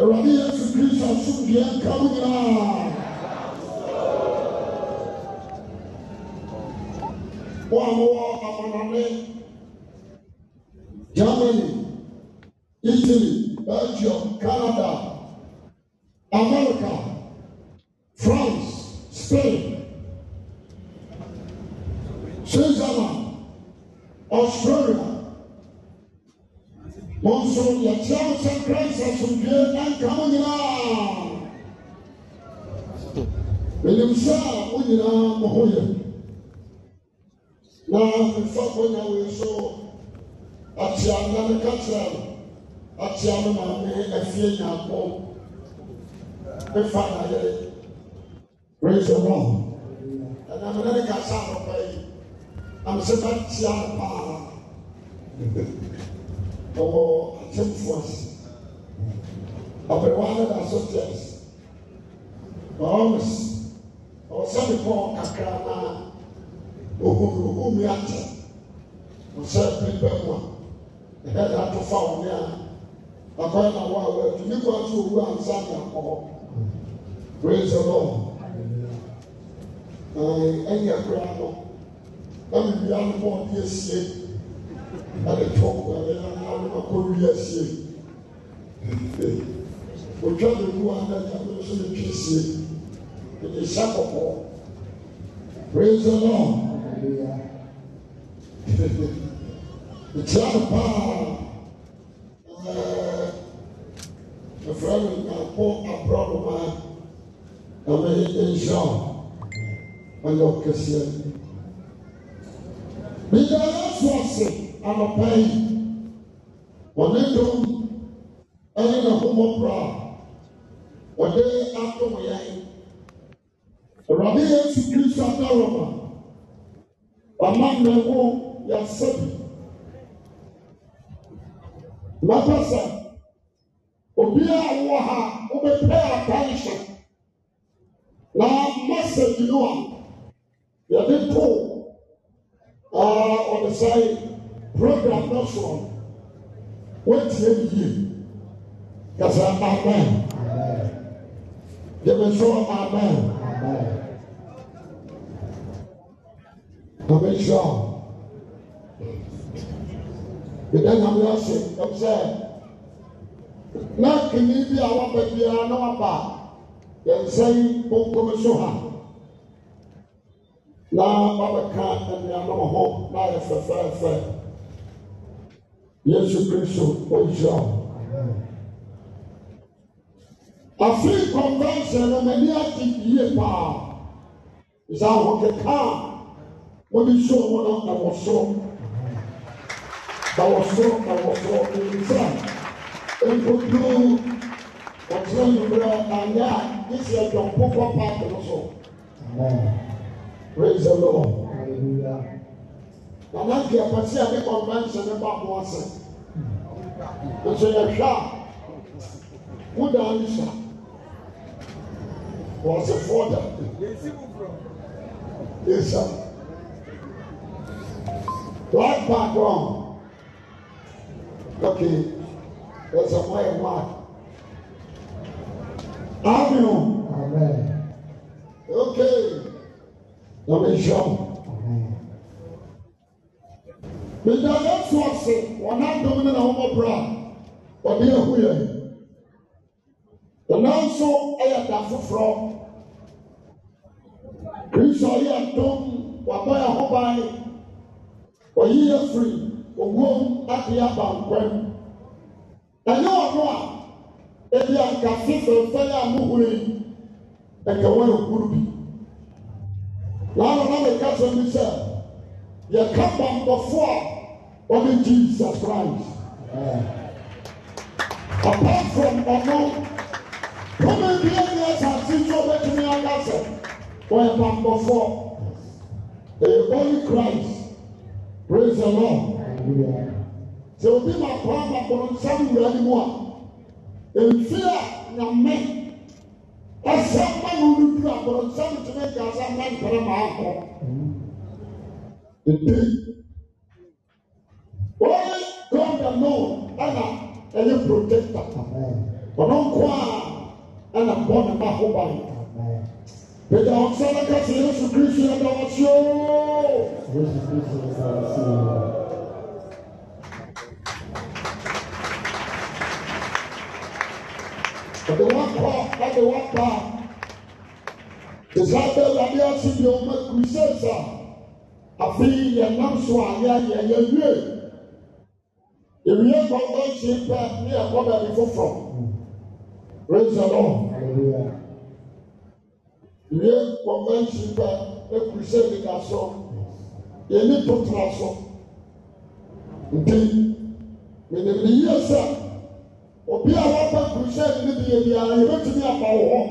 Awurade Yesu Kristo asomdua nka wo nyinaa. Wo One more amanɔne Germany, Italy, Belgium, Canada, America, France, Spain, Switzerland, Australia. wọn nso yɛkyerɛ wo sɛ christ asomdwe ɛnka mo nyinaa menim sɛ a mo nyinaa mo ho yɛ na mefa konya wei so akyea na meka kyerɛ no akyea me maame afie nyankɔ mefa nayere praise the lord ɛna mene ne kasa anɔpa yi na mesɛ makyea no paa wɔwɔ atemfo ase abɛwa na asɔte ase maomes ɔsɛ ne kɔn kakra na ohun ohun ate ɔsɛ pɛpɛ mu a ɛhɛ de ato fa wɔn a akɔyɛ na wɔn a wɔatu ne kɔn ato owu ansa ne akɔ praise the lord ɛɛ ɛyɛ kura no ɛmu bi anobɔ bi esie ɛde tɔ kura ɛyɛ na akɔ wi asie otwa ne mu ana nyame nso ne twe sie ɛde hyɛ kɔkɔɔ praise the lord ɛkyerɛ no paa ɛɛ ɛfrɛ no akɔ aborɔ no maa na o ɔyɛ ɔkɛseɛ bi nyinaa so ase anɔpa yi wɔne dɔm ɛne n'ahomɔ kora a wɔde ato wɔn yɛn awurade yesu kristo adaroma wama nnɛho yasabi n'apasa obiara wɔ ha wobɛpɛ aban hyɛ na masa yi no a yɛde to ɔde sae program no soɔ wɔntie ne yie kasa amen yɛbɛ nso amen nyame nhyira yɛda nyame ase ɛm sɛ na kini bi a waba biara na waba yɛnsɛn bonkom so ha na wabɛka nneɛma ho na ayɛ fɛfɛɛfɛ yesu kristo O wo afei kɔnvɛnsɛn no m'ani ate yie paa sɛ ahokeka a wɔde so ho no na wɔ soro na wɔ soro na wɔ soro ɛnsɛ nkotoo wɔkyerɛ nwummerɛ anyɛ a ne sɛ ɛdɔmpokɔ paake no praise the lord nana deɛ pɛsɛ a ne convention ne ba mo ase nso yɛhwɛ a wodaa ne sa wɔse fɔda esa black background okay wɔsɛ mo yɛ mo a amen okay na mi sɔn bẹ̀yà ẹ̀fọ́ ọ̀sẹ̀ wọn adọ́m ní àwọn ọ̀bùrà ọ̀dẹ ẹ̀hú yẹ wọn nso ẹ̀yẹ da foforọ kristu ọ̀yẹ ẹ̀dọ́m wàbọ̀ yẹ ho ban ọ̀yẹ yẹ firi owó adé aba nkwam ẹ̀yẹ ọ̀nọ́ a ebi àgàfẹ́ fẹ́fẹ́ yẹ ahuhure ẹ̀kẹ́ wọ́n ehuru bi lánàá náà lè ká sọ mi sẹ́ yẹ ká bàmbọ̀fọ́ a only Jesus Christ. Uh, apart from ọmọ women bí ẹni ẹsẹ àti tí o bẹ tún ní aláṣẹ wọn yẹ pàmpọ fọ a only Christ praise the Lord. sọ obi ma kọ́ àgbàkọ́ nsọ́m wúrẹ́ ni mu a èfi a nyàmé ẹsẹ mmanu ni bi àgbọ̀rọ̀ nsọ́m tí mi gà ẹsẹ mmanu pẹ̀lú màá kọ́ èdè only God alone ɛna ɛyɛ protector ɔno nko a ɛna bɔ ne ba ho ba yi pẹ̀lú àwọn tí wọn kà sí Yesu Kristu yẹn lọ́wọ́ sí o. Yesu Kristu yẹn lọ́wọ́ sí o. Ọ̀dọ̀ wọn kọ́ ọ̀dọ̀ wọn pa. Ìsáàbẹ̀ Ìlàdí Àti Ìyọ̀mọ̀ Kùsẹ̀sà àfi yẹn nam so àyà yẹn yẹn wíwẹ̀ ewia kɔnkɔnhyɛ mpa ne akɔ baabi foforɔ praise the lord ewia kɔnkɔnhyɛ mpa ekuru sɛ nika so yɛni to tena so nti menim ne yie sɛ obi a wapa kuru sɛ ne bi yɛ biara yɛbɛtumi aba wɔ hɔ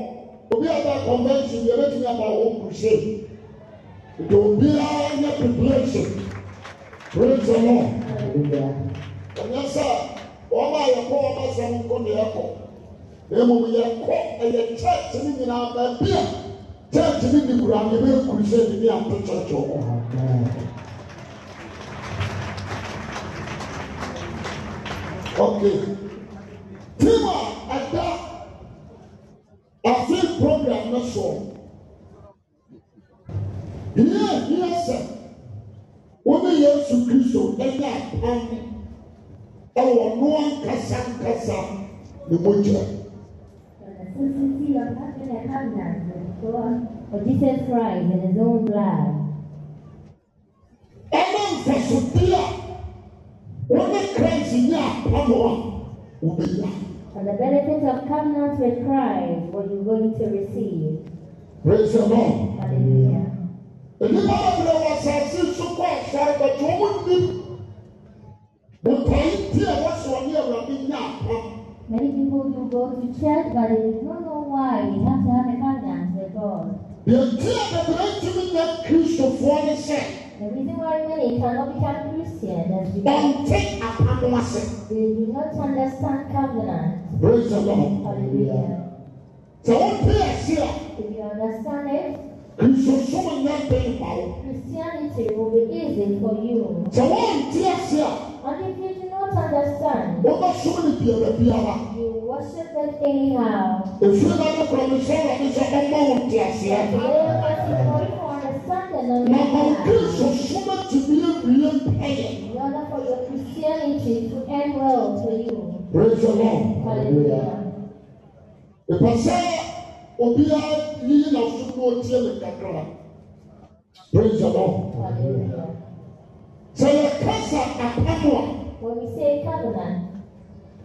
obi a ba kɔnkɔnhyɛ yɛbɛtumi aba wɔ hɔ kuru sɛ nti obiara nyɛ preparation praise the lord ɛnyɛ sɛ wɔn a yɛkɔ wɔn asɛm nko na yɛkɔ na mmom yɛkɔ ɛyɛ church ne nyinaa baabi a church ne bi kura ne bɛ kuru sɛ ne bi ato church wɔ hɔ. okay tim a ɛda afe program no so yie yie sɛ wɔn ne yesu kristo ɛyɛ apam ɛwɔ no ankasa nkasa ne mogya Sincerity of having a covenant with God for Jesus Christ and His own blood. Ɛna nfasobi a wɔne Christ nyɛ apamo a wɔbɛnya. And the benefit of covenant with Christ, what you're going to receive. Praise the Lord. Hallelujah. Many people do go to church, but they do not know why. We have to have a covenant with God. The reason why many cannot become Christian is because they do not understand covenant. Praise the Lord. Hallelujah. So, what if you understand it, Christianity will be easy for you. Sɛ wɔn ti ase a. And if you do not understand. Wọ́n bá sún ní biara biara. You worship it anyhow. Èfúrú náà ló kọ́ ní sọ́wọ́ ní sọ́kọ́ mọ́ wọn ti ase a. Na mọ̀ Kristo súnmọ́ ti bílẹ̀ bílẹ̀ pẹ́yẹ. In order for your Christianity to end well for you. Praise the Lord. Hallelujah. Ìpàṣẹ obiara yíyí na fún mi ó tiẹ̀ mi kakra. Praise the Lord. So your cancer apamua. When we say covenant.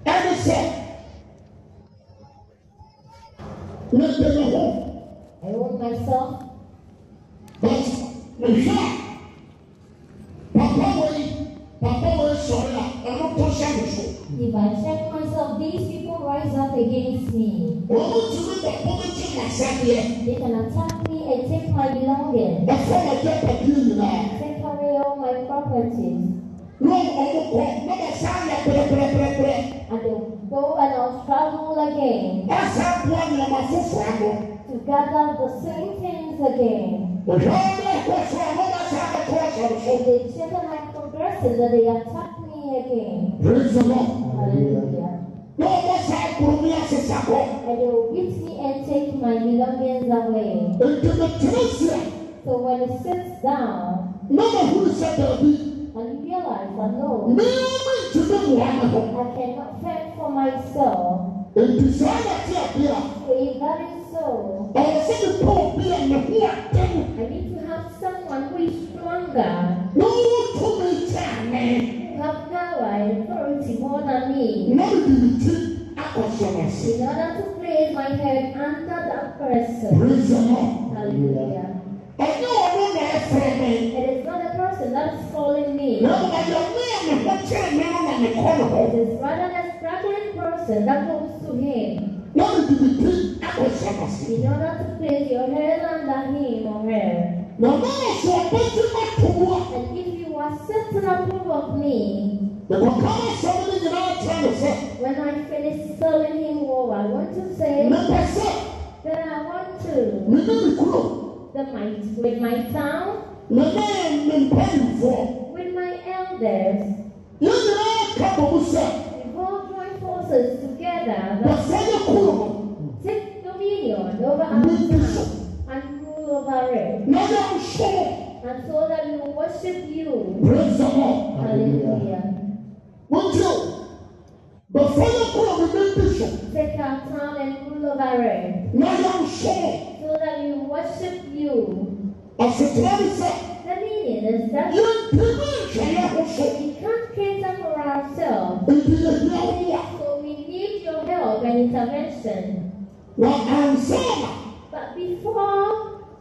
Ɛne sɛ mede me ho. I own myself. But mehwɛ a papa way, papa way, sɔre I'm not hyɛ me so. If I check myself, these people rise up against me. Wɔn tumi bɔ pɔnkye nasadeɛ. They can attack me. I take my belongings. Ẹ̀fọ́ yẹn jẹ́ pẹ̀lú ìlà. Take away all my properties. Lóòrùn ọdún kọ, lọ́dọ̀ sáà yẹ And then go and I'll travel again. I bú ọ̀nàmọ̀ fúnfún àgọ́. To gather the same things again. And the children are progressing they attack me again. Praise the Lord. Hallelujah. No And they will me and take my belongings away. So when it sits down, and you realize that no, I cannot fend for myself. So if that is so, I need to have someone who is stronger by authority more than me. In order to place my head under that person. Praise the Lord. Hallelujah. It is not a person that is calling me. It is rather a struggling person that comes to him. In order to place your head under him or her. And if you are certain approve of me, when I finish serving him all, I want to say that I want to the might with my town, with my elders, involve my forces together, take dominion over our town and rule over it. And so that we worship you. Hallelujah. Wọ́n ti o, bẹ̀fọ́lá kúrò mi ní bíṣọ̀. Take our time and rule over it. Now N'ayọ̀ sure, So that we worship you. Àṣetìlá mi sẹ́. The meaning is that. Yẹn ti ní ìṣẹ̀lẹ̀ ọ̀ṣọ́. We can't cater for ourselves. Èdè yẹn ní So we need your help and intervention. Wà á ń sọ̀rọ̀. But before.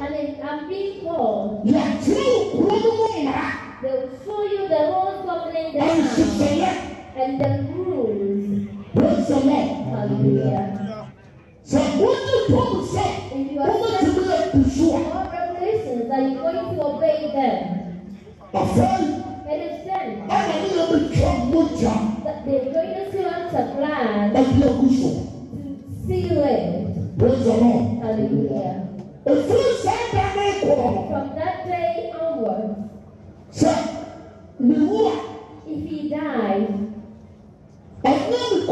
and, it, and they will show you the whole governing the and the rules. praise the lord. hallelujah. sɛ wonye tom sɛ wobɛtumi akusu a. all regulations that you going to obey them. afei. It is them. Ɛna ne yɛ bi going to see us plan. Ɛbi you Hallelujah. From that day onwards, if he dies, it's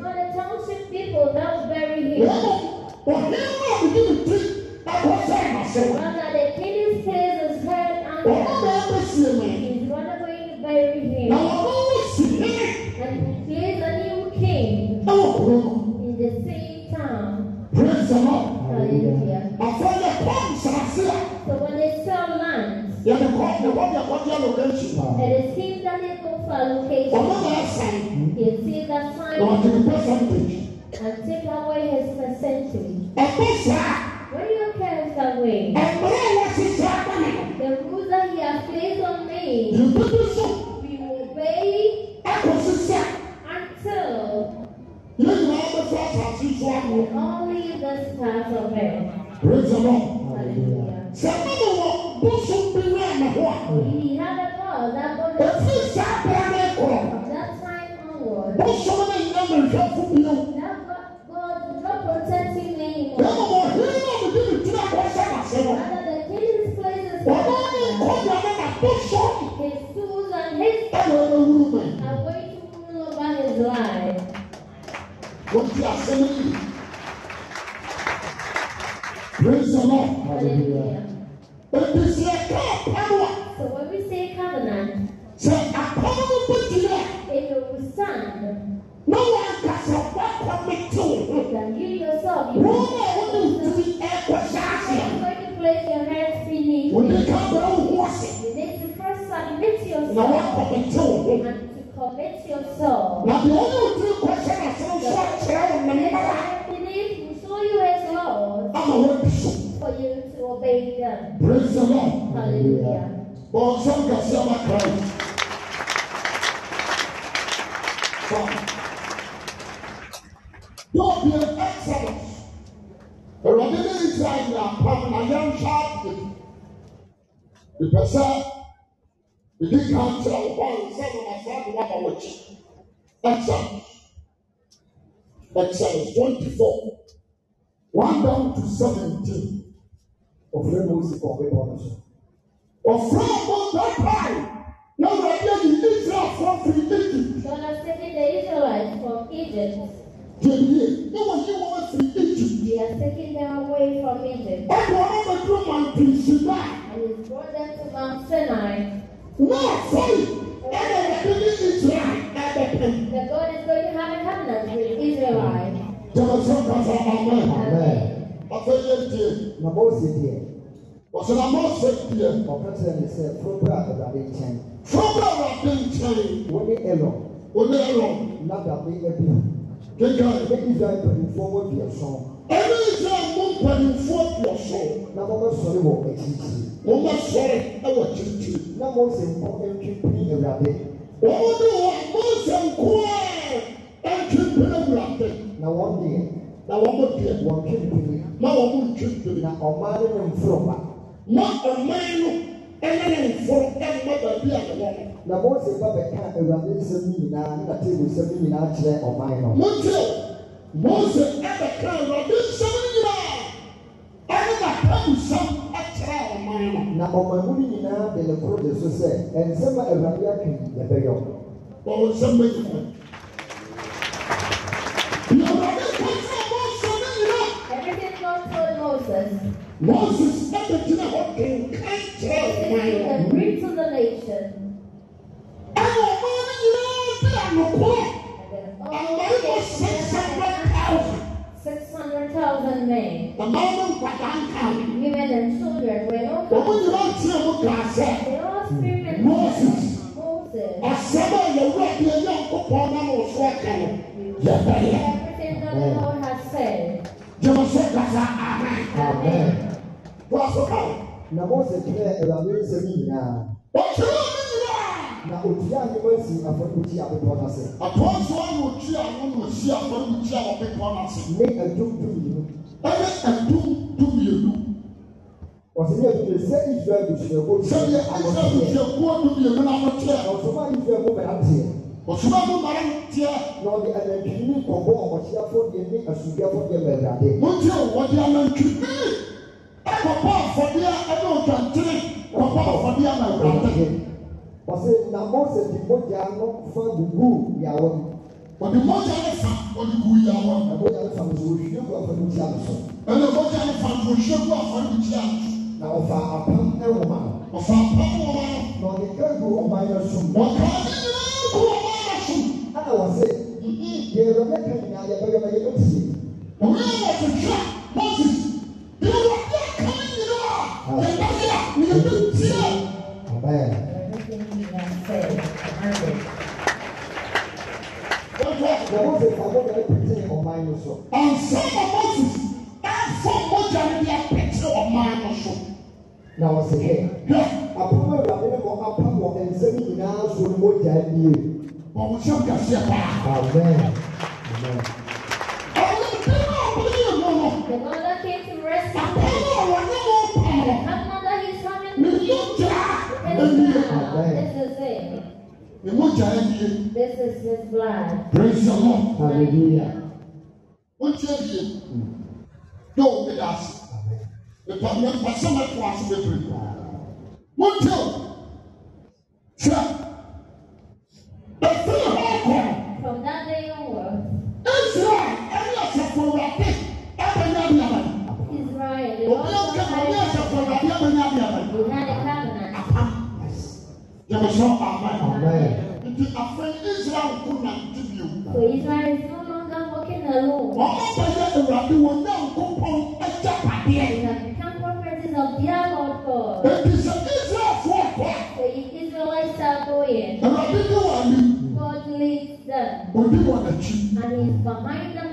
not a township people that will bury him. Rather, the kid's place is head and he's going to bury him. new king oh, in the same town. Praise the Lord afɔyɛ so when they sell land. yɛde kɔ it that they go for location. you see that sign. and take away his percentage. when you carry that way. the rules that he has placed on me. we obey. until. And only this part of it. Praise the Lord. Somebody will put something on the wall. He had a ball that was. That's why I That's my somebody Na kɔ awurade na wɔn deɛ na wɔn deɛ wɔn twentini ma wɔn ntwentini na ɔman no ne mforɔba ma ɔman no ɛne ne mforɔ ɛmma baabi a ne wɔn na mose ba bɛka awurade nsɛm nyinaa ne na table nsɛm nyinaa kyerɛ ɔman no mose mose ɛbɛka awurade nsɛm nyinaa ɛne na table nsɛm ɛkyerɛ ɔman no na ɔman mu no nyinaa de ne koro de so sɛ ɛnsɛm a awurade aka yi yɛbɛyɛ ɔwɔ nsɛm bɛyi Moses bɛbɛ gyina hɔ kenkan kyerɛ to the nation. Ɛna ɔman no nyinaa bɛ anokorɔ. Ɔman no six hundred thousand. Six hundred thousand men. The no nkwadaa nka. Women and children were not Wɔn nyinaa kyerɛ mu kaa sɛ. They all Moses. a yɛwura deɛ yɛn kopɔn Everything that the Lord has said. jẹ́wọ́ sẹ́ kasa amen. amen. wọ́n aṣọ báyìí. na mose tẹ ẹwurade nsẹ mi nyinaa. wọ́n ti rẹ́ mi nyinaa. na òtí a ní wọ́n si afọ́nukí abepọ́ náà sẹ́. àpọ́nsọ́ yóò tí àwọn yóò si afọ́nukí abepọ́ náà sẹ́. ní ẹ̀dùn dùn yìí. ẹ̀yẹ ẹ̀dùn dùn yìí. Wọ́n yẹ kí sẹ́ ìfẹ́ ìfẹ́ kó. Sẹ́yìn ìfẹ́ ìfẹ́ kó dùn yìí nínú àwọn tẹ̀. Ọ̀sùnmá ìfẹ́ kó bẹ̀rẹ̀ àti yẹ osuma mu mara mu tiɛ. na ɔde anantwini kɔbɔ ɔsiafo deɛ ne asudiafo deɛ mɛwurade. mo ti o wɔde anantwini ɛkɔbɔ afɔdeɛ ɛne ɔdwantini kɔbɔ afɔdeɛ na ɔdwantini. ɔsi na mɔsɛ di mɔgya no fa gugu yawɔ mu. ɔdi mɔgya ne fa ɔdi gu yawɔ mu. mɔgya ne fa nso ohwie gu afɔrebukyia no so. ɛna mɔgya ne fa nso ohwie gu afɔrebukyia no so. na ɔfa apam ɛwɔ ma. ɔfa apam ɛwɔ ma. na ɔde kɛgu ɔman yɛ so. ɔka ne nyinaa kú ɔman na wɔse yɛrɛbɛ ka nyinaa yɛbɛyɛ bɛyɛ ɛsi. wɔn a yɛ kɛkɛ moses yɛrɛ yɛ kan nyinaa yɛbɛyɛ yɛbɛ tie. amen. Mose sago na epete ɔman no so. Ɔnsa na Moses afɔ mogya no de apete ɔman no so. Na ɔsɛ hɛ. Apam awurade ne kɔ apam wɔ nsɛm nyinaa so mogya nie. But we shall get here back. Amen. Amen. Another came to rescue. Another is coming to you. This is it. This is his blood. Praise the Lord. Hallelujah. What you do? Don't be asked. The problem was so much worse than the Sure. There is no amen. Amen. Nti afei Israel ko na nti bi ewu. So Israel is no longer walking alone. Wọ́n mọ̀ bẹ́yẹ Ewurade wọn ní ànkópọ̀n ẹja pàdé. They have become prophets of their Lord God. Èti sẹ Israel fún ọ̀pọ̀. The Israelites are going. Ewurade ní wàá ní. God leads them. Òdi wọn n'akyi. And he is behind them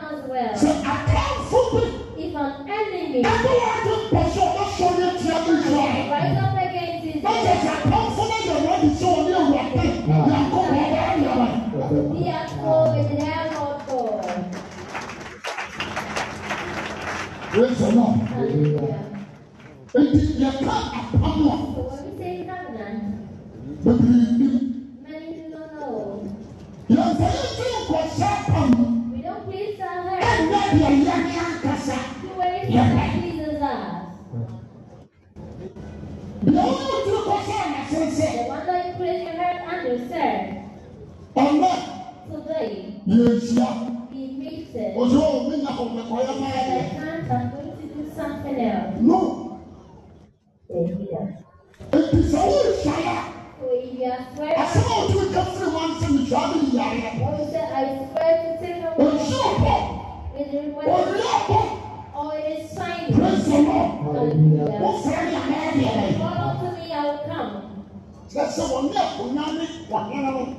sɛ wɔne akonnwa ne wɔnenanom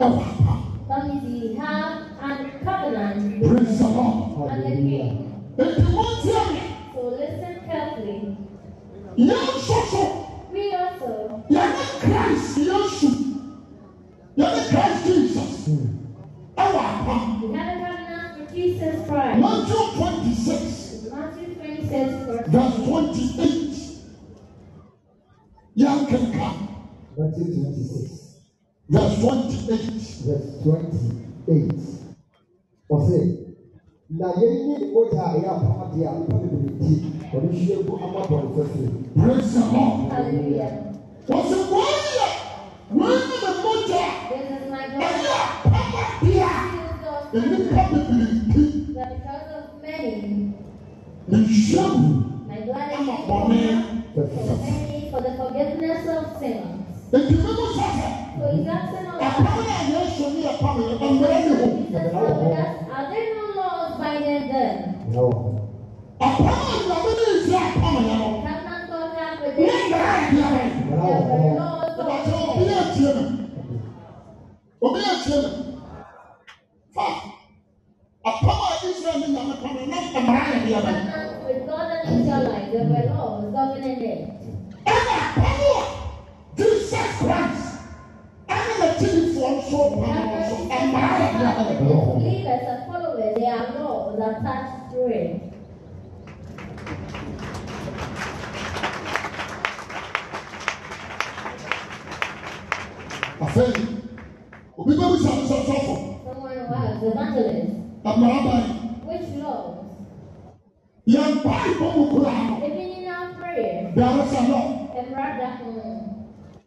ɛwɔ apa. That is the half and covenant. Praise the Lord. So listen carefully. Yẹn soso. We also. Yẹn ní Christ Yesu. Yẹn ní Christ Jesus. Ẹwọ apa. We have a covenant with Jesus Christ. Matthew twenty six. Matthew twenty six verse twenty eight. Yẹn kankan twenty six. Verse 28. Verse 28. Ɔsɛ, na yɛn nye ota a yɛ apamade a nipa bebree ti, ɔno hyɛ egu amabɔn fɛfɛ. Praise the Lord. Hallelujah. Ɔsɛ wɔn yɛ, wɔn yɛ na mɔgya, ɛyɛ apamade a nipa bebree ti. Na hyɛ gu amabɔn fɛfɛ. For the forgiveness of sin. Èti mi mú sọ̀tọ̀. Àpamọ́ náà yẹ sọ ní àpamọ́ yẹn, ọ̀mọ̀rẹ́ mi hù. No. Àpamọ́ ìyàwó ní ìsì àpamọ́ yẹn lọ. Ní ìyàrá ìdí ara yìí. Ìbàjẹ́ òbí yẹn tiẹ̀ mi. Òbí yẹn tiẹ̀ mi. Fà àpamọ́ Israẹ̀l ní ìyàwó pamọ́ náà ọ̀mọ̀rẹ́ yẹn bí ẹ̀rọ. Ẹ̀ka àpamọ́ jesus christ ɛna na ti ni fo nso paa nso ɛmaa yɛ di leaders and followers they are not attached to it. afei obi bɛ bisa nsɔsɔfo. someone who has evangelist. ɛmaa ban. which law. yɛn pa ibom kura. ebi nyina prayer. bɛrɛ hmm. sɛ lɔ. ɛmira da kun.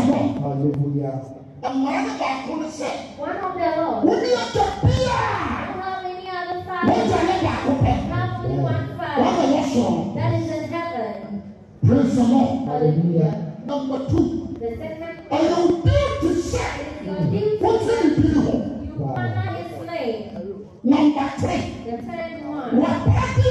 hɔ mmara no baako no sɛ wone agya bia wogya ne baako pɛ wama wɔ soro praise the lord number two ɛyɛ wo bia te sɛ wotiri bi hɔ number three wɔpɛ bi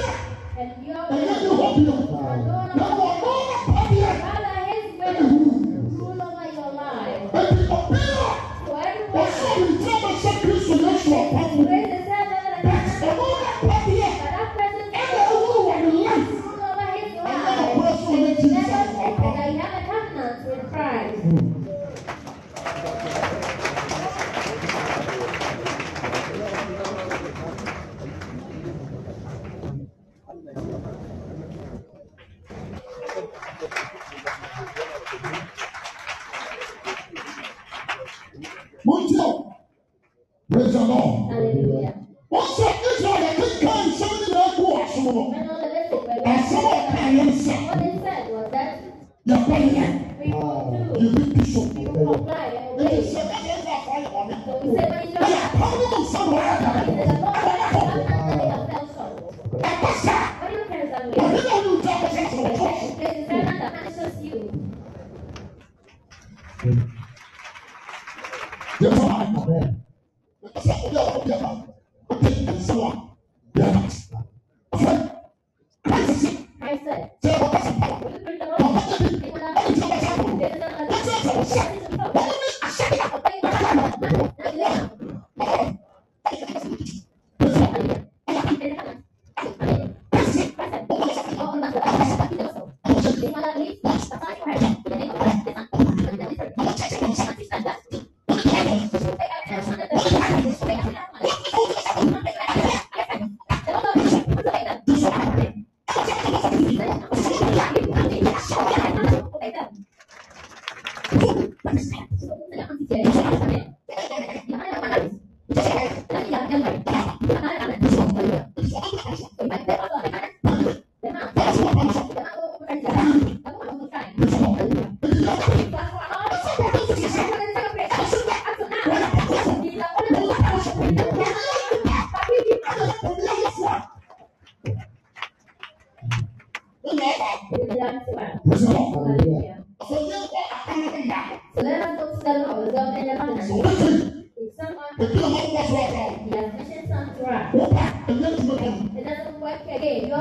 again. Your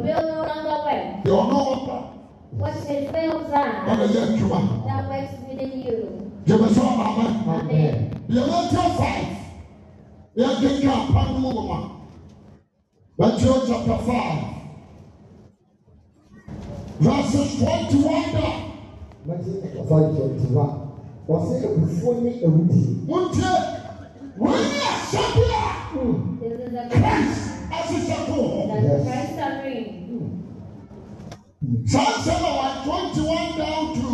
bill no longer works. What it fails at, that works within you. Amen. Amen. yɛkenka apam mu nwoma matthew chapter five verses twenty one da. matthew chapter five twenty one wɔsɛ ebufuo ne ewudi. wuntie wɔn yɛ asɔbi a that Christ asese ko. that yes. Christ are reign. John twenty one down to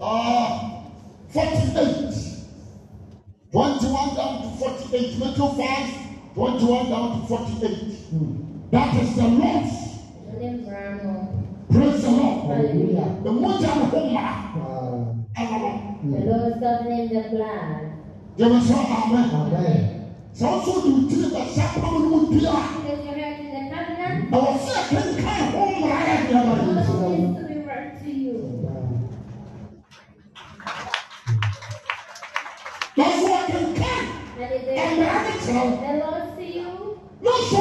uh, forty eight. Twenty one down to forty eight. Make you five twenty one down to forty eight. Mm. That is the Lord's. Praise the Lord. Hallelujah. The moja ni homa. Ẹ̀rọ. The Lord is governing the plan. Jẹ́wọ́n sọ amen. amen. sɛ ɔso de otiri bɛsa pam no mu dua na wɔsɛ kenkan ho mmara can And see you. so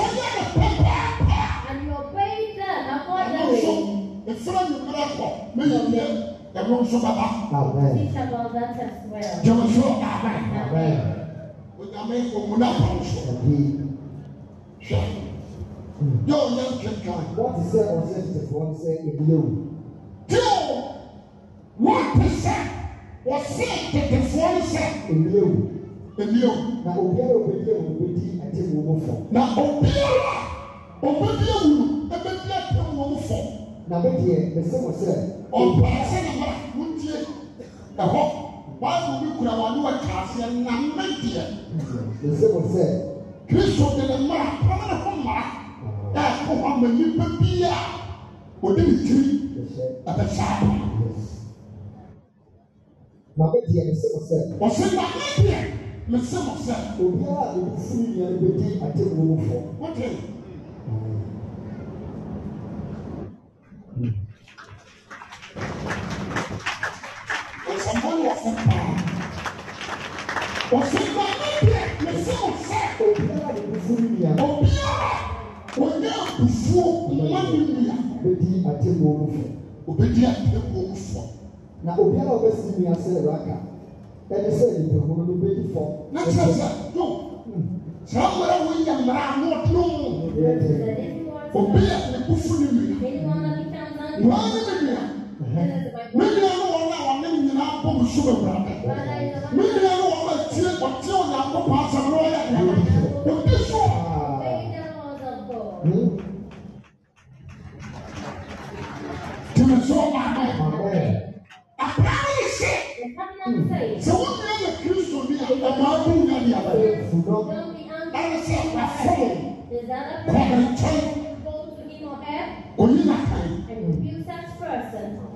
the papa. And you obey them accordingly. And also, the friend me and them, Amen. Teach about that as well. Amen. Amen. onyame omu na apanso hwɛ yɛ ɔnyɛ nkenkan wɔte sɛ ɔsɛ tetefoɔ no sɛ ebi ewu tio wɔte sɛ wɔsɛ tetefoɔ no sɛ ebi ewu ebi ewu na obiara obedi ewu obedi atemmu mu fɔ na obiara obedi ewu ebedi atemmu mu fɔ na bɛ deɛ bɛ sɛ wɔ sɛ ɔbaa sɛ na ma wɔn tie báyìí omi kura wa ni wa kà á seɛ nam ne deɛ. ɛsɛ mo sɛ. kristu de ne mma pɔnne ne ho mma a ɛkó hɔ ma nipa bi a ɔde ne tiri ɛbɛsa a. na bɛ deɛ ɛsɛ mo sɛ. ɔsɛ na bɛ deɛ ɛsɛ mo sɛ. obiara a ebi funu yɛn bɛ di ate wɔn fɔ. Thank you wɔ so paa ɔsɛ ma ɔbɛ ne sɛ ɔsɛ obiara de bufu ne nua obiara wɔnyɛ abufuo ma ne nua obedi atemmuo mu fo obedi atemmuo mu fo na obiara ɔbɛsi nua sɛ raka ɛne sɛ nipahono no bɛdi fam na kyerɛ sɛ no saa mmerɛ wonya mmara ano ɔtoro mu obi a ne bufu ne nua wɔn ne ne nua ne nua no bɔ mo so bɛwura bɛ ne nyinaa ne wɔn bɛ tie wɔn tie wɔn yɛ asɛm ne wɔyɛ deɛ ti so. tẹmɛ so maame akwaraa yi se sɛ wɔn nyinaa yɛ kristu ni a ɔmo abo nya ni a bɛyɛ fudɔ sɛ wafɔlɔ kɔmɛ nkyɛn oyi na kan.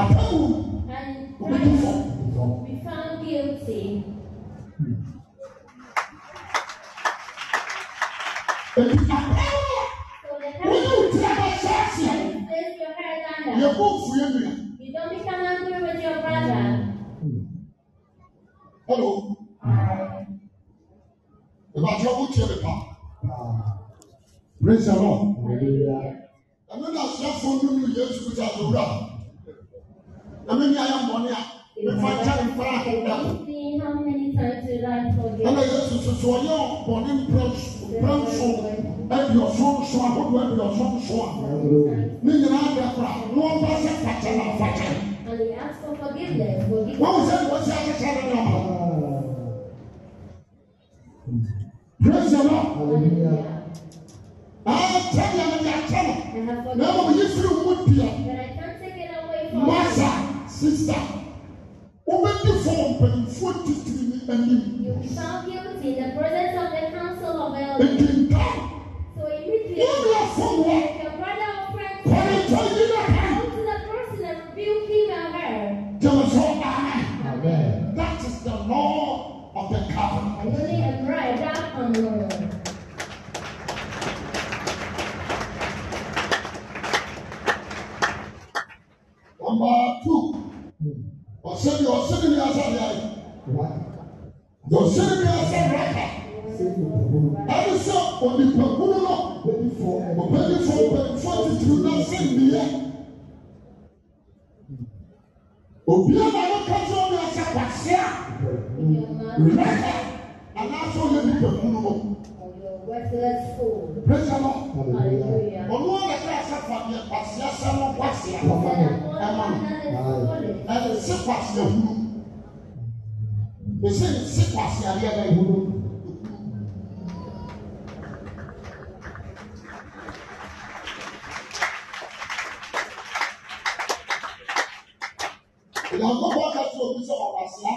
àtàwọn We found guilty. Èmi àtàwọn wọ́n yóò tí a bá ṣe You don't become angry with your brother. Hello. Ìbàdí ọkọ̀ tiẹ̀ lè pa. Praise the Lord. Ẹnu náà ṣe é fún to be a àtọ̀wúrà na mi ni ayé mbɔni a nfa kyɛ nfa ahoda ɛna yesu soso ɔyɛ ɔbɔni mpɛnso ɛdi ɔsonso ahodo ɛdi ɔsonso a ne nyinaa bɛ kora na wɔn bá sɛ fata na fata wɔn sɛ wɔn sɛ akyekyɛ ne nam praise the lord ɛɛ kyɛ yɛ ne yɛ kyɛ no na ɛmɛ yi firi mu di a masa. sister. wobɛdi fɔ wɔn mpanyinfoɔ you will sound guilty in the presence of the council of elders. so immediately. wọ́n your brother or friend. kọ́ni tó the person and rebuke him and her. jẹmẹsọ amen. that is the law of the covenant. and only a bride that can sɛbi ɔsɛbi ni asɛbi ayi ɔsɛbi ni asɛbi aka ɛni sɛ ɔnipakuru no ɔpɛnifɔ ɔpɛnifɔ titiri na sɛ nìyɛ obiɛ na ne kɛse ɔni asɛ kwasia rɛka anaasɛ ɔyɛ nipakuru no praise the lord ɔno ɔna kɛ asɛ kwasia sɛ no kwasia ma no ɛsɛ sɛ kwasi ahuru ɛsɛ sɛ kwasi adeɛ na ehuru. yankɔbɔ ka so obi sɛ ɔkwasea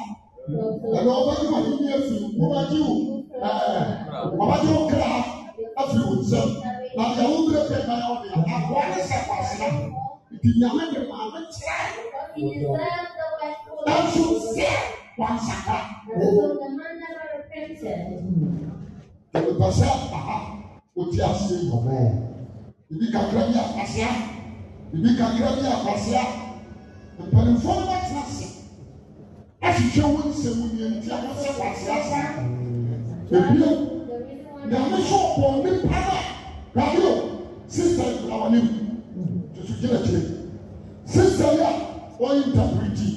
ɛna ɔbɛdi wɔn ani afiri ɔbɛdi wo ɛɛ ɔbɛdi wo kra afiri wo nsam na deɛ wo bere pɛ na yɛ ɔde akɔ ne sɛ nti nyame de maame kyerɛ nanso sɛ wansaka ɛmepɛ sɛ aha ɔti aseɛ yi ebi kakra bi akasea ebi kakra bi akasea mpanimfoɔ no bɛtena ase ahyehyɛ wɔn nsɛm nea nti akasɛ wasea sa ebio nyame so ɔbɔ nipa na radio sista nkura wɔ ne nso gyina akyire sisan yi a wɔyɛ ntabiriti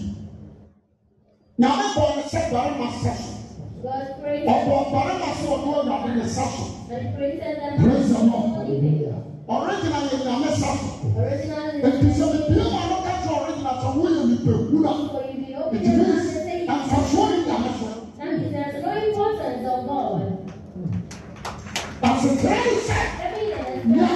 nyame bɔ ne sɛ barima sa so ɔbɔ barima sɛ ɔde wɔ nyame ne sa so praise the lord original yɛ nyame sa so eti sɛ ne bie ma no kɛtɛ original sɛ woyɛ nipa wura eti means nfasoɔ yi nyame so. That's Yeah.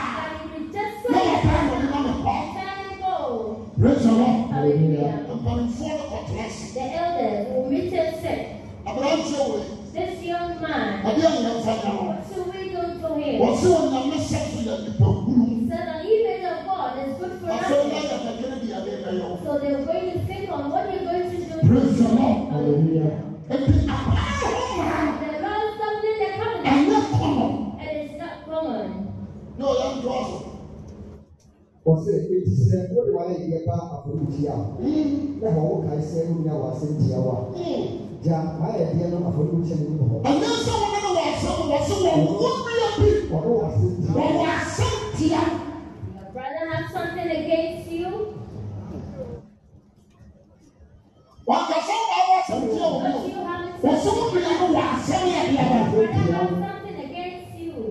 So they're going to sit on what you're going to do. Praise the Lord. Hallelujah. And the Lord something that comes. And not common. And it's not common. No, hmm. hmm. that's awesome. wɔsɛ eti sɛ wode wale yɛ ba afɔmuti a na hɔ wo kae sɛ wonya wɔ asɛm tia wo a gya maayɛ deɛ no afɔmuti ne mu hɔ ɛnɛ sɛ wɔne no wɔ asɛm wɔ se wɔwɔ bi wɔne wɔ wankasa na awa asɛm tia wɔ mu wɔsɛm bia no wɔ asɛm yɛ bia na afɔ tia wo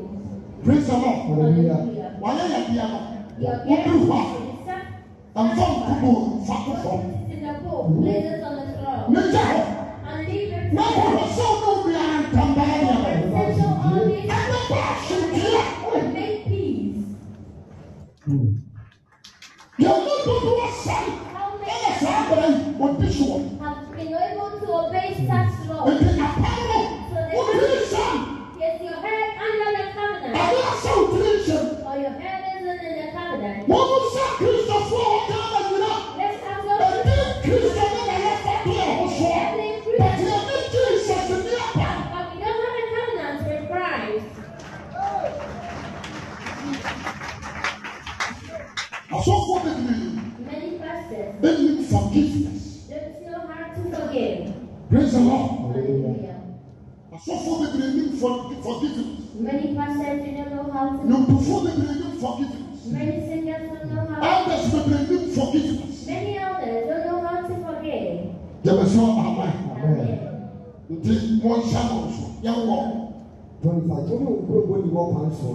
praise the lord wɔayɛ yɛ no wɔbɛru hɔ a ɛmfa nkubu fa ko fam ne gya hɔ na wɔhɔ sɛ wo ne bia no ntambaɛ ne ɛbɛbɔ ɛne bɔ asomdua yɛn mu dodoɔ sɛn ɛyɛ wɔn nsa kristofo a wɔka na nyina ɛne kristo ne na yɛ fatu ɛho soɔ pɛtɛ ɛne jesus ne aba. asɔfo bebree ɛnim forgiveness. Praise the Lord. Asɔfo bebree nim forgiveness. Many pastors do not know how to. Nyɔnkufu bebree nim forgive. Many singers don't know how. Elders bebree need forgiveness. Many elders don't know how to forgive. Yẹ̀bẹ̀ sọ àmà ẹ̀. Nti wọ́n ṣá wọn sọ, yẹ wọ. Tọ́lifà tó ní òwúrọ̀ bọ́ ni wọ́n pa ń sọ.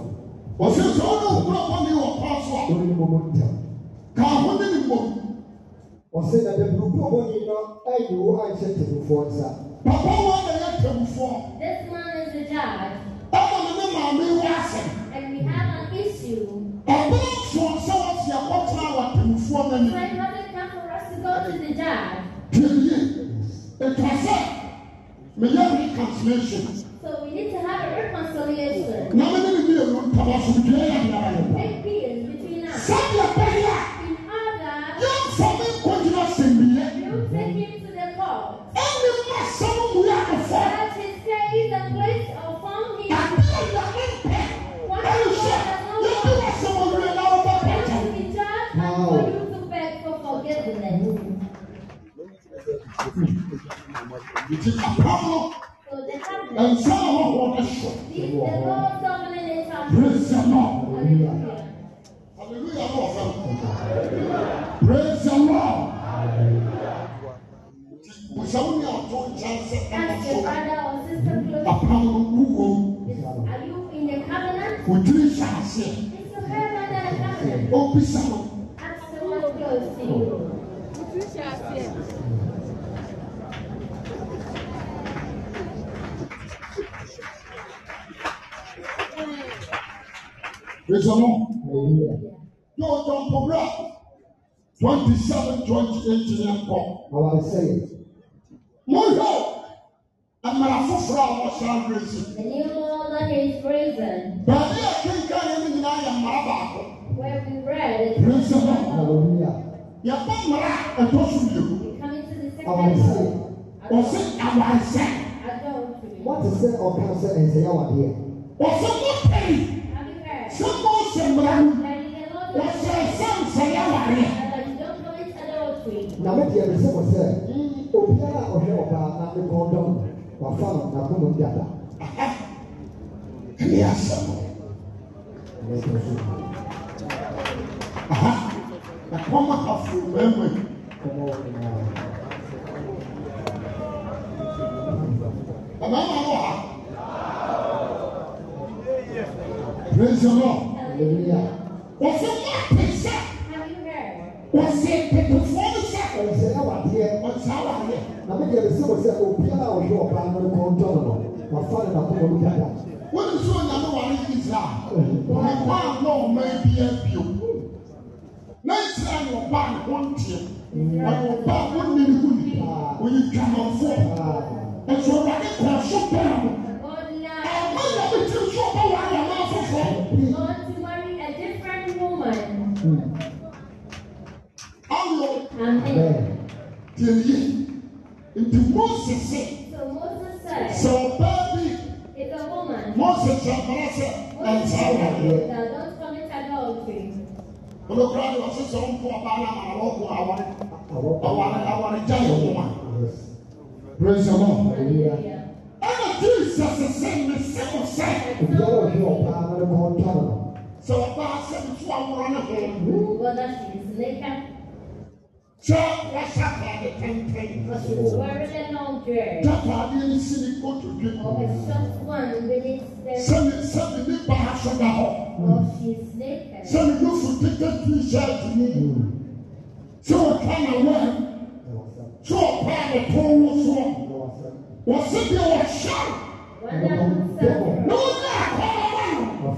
Òfin sọ ní òwúrọ̀ bọ́ ni wọ́n pa ń sọ. Lórí ni mo mọ̀ ní tẹ̀. Kà áhùn ní ni mo. Ọ̀sẹ̀ dàdẹ̀ burúkú ọ̀bọ̀ yìí náà ẹ̀ yìí ó àìṣẹ́ tẹ̀lifọ̀ ọ̀sà. Bàbá wọn lè yẹ tẹ̀lifọ̀. This man is the judge. Ẹ Ọ̀gbọ́n fún ọ̀sẹ̀ wọ́n fi àwọn àtẹnufoɔ n'ani. My brother come for us to go to the jar. Kìlìyè, ètò àṣẹ, mi yẹ reconciliation. So we need to have a reconciliation. Nàmínú mi yẹ ló ń tàbá fún mi, bí ẹ yà ní ara yẹn. Big between us. Sábìà bẹ́ẹ̀ yà. free nti apam no nsa na praise the lord hallelujah praise the lord wosawo ni ato nkyɛn sɛ ɛna so Ètò ọmọ. Yóò jọ nkọ̀bíra twenty seven twenty eight ní ẹ̀kọ́. Àwọn àṣẹ yìí. Mo yọ àmàlà foforọ a wọ́n sá rèézi. Ẹ̀yin mú ọ̀nà his prison. Bàbá yà kí n ká yẹn ní nyinaa yẹ mara baako. Where we read. Rèézi náà. Yẹ bá mara ẹ̀tọ́ so yẹ mu. Àwọn àṣẹ. Ọ̀sẹ̀ àwọn àṣẹ. Wọ́n ti sẹ́ ọ̀kan sẹ́ ẹ̀sẹ̀ yà wà díẹ̀. Ọ̀sẹ̀ mọ̀ pẹ̀lú sọmọ ìṣẹ̀mùra wọ́sẹ̀ sẹ́ǹsẹ̀yà wàrẹ̀. na mẹ́tì ẹ̀rọ sẹ́wọ̀ sẹ́ obiara ọ̀hẹ́ ọba na ẹ̀kọ́ ọdọ́m wà fà nà nà kọ́nà ọ̀dí àdá. ẹ̀mí asọ̀rọ̀ na kọ́mọ afọ mẹ́mẹ́. Bàbá wa. praise the Lord. Hallelujah. What's the Lord praise What's the performance? What's the Lord here? What's the Lord here? Now make mm-hmm. ah. ah. it simple. Say, "Oh, Pierre, I was your brother, but I'm not alone. My father, my mother, my dad." Wọ́n ti sọ ìyàwó wa ní Israel. Ọ̀pá àná ọmọ ẹbí ẹ bí o. Náà Israel ní ọ̀pá àná wọ́n ń tiẹ̀. Ọ̀pá wọ́n ní ìlú ni. Oyin kàmọ̀ fún ọ. Ẹ̀sùn ọ̀pá ní kọ̀ọ̀sùn bẹ́ẹ̀ mọ̀. Àwọn ìyàwó ti to marry a different woman. Mm. Amen. Amen. Nti Mose se. So Moses said. Sọ ọbaa bi. It's a woman. Mose sọ ọbaa sẹ ẹnsa wà lẹ. Now don't commit adultery. Olùkọ́ àti ọ̀sẹ̀ sọ ń fún ọbaa náà àwọn ọkọ̀ àwọn àwọn àwọn ẹja yẹn Praise the Lord. Hallelujah ɛna jesus sɛ mɛsɛ mo sɛ. obi a wɔhwɛ ɔbaa na ne ma ɔtɔ no. sɛ ɔbaa sɛ nso awora ne ho. wɔda fi nsirika. sɛ wɔhyɛ ataade tenten. wɔrede na ɔdwere. tapaade nsi ni kotu dwi. sɛbi sɛbi ne baa so da hɔ. sɛbi ne fo tete tiri hyɛ ati mu. sɛ wɔka na wɔn. sɛ ɔbaa ne pɔn wɔ soɔ wɔsi deɛ wɔhyɛ na wɔnyɛ akɔrɔba no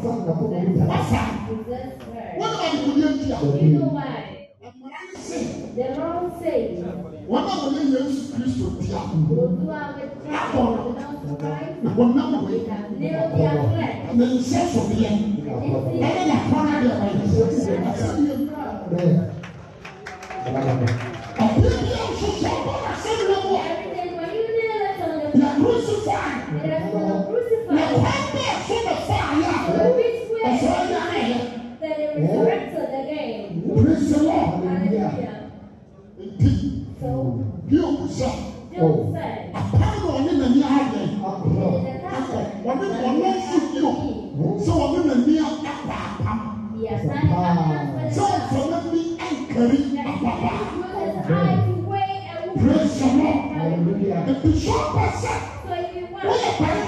wɔfa wɔn a wɔde kɔnyɛ ntia mmara ne se wɔn a wɔyɛ yesu kristo ntia abɔ na wɔn nam wɔ ne nhyɛ sɔbeɛ ɛne na kɔn adeɛ wɔyɛ asɛnniɛ mu ɔbea bi a nso sɛ ɔbɔ asɛnniɛ mu a. You are crucified. You are humbled from the fire. That's all you again. Praise the Lord. Hallelujah. Indeed. So, you said. Oh. Apart from him and the other, one is one of you. So, I'm in the near Papa. Yes, So, for me, I'm carrying Papa. Praise the Lord. Hallelujah. the so apasa. Wọ́n yẹ pàrọ̀.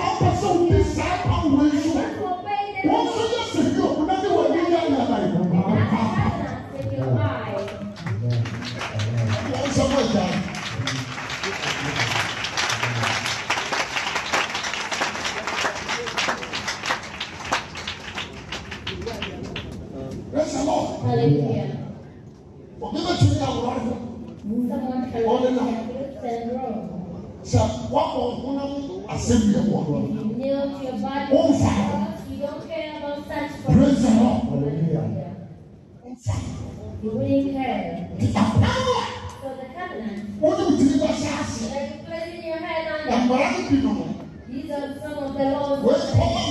disappower. wọ́n ní ìdílé bá ṣe àṣẹ. àgbàrá ti bì nù. wọ́n ti pọ́ mọ́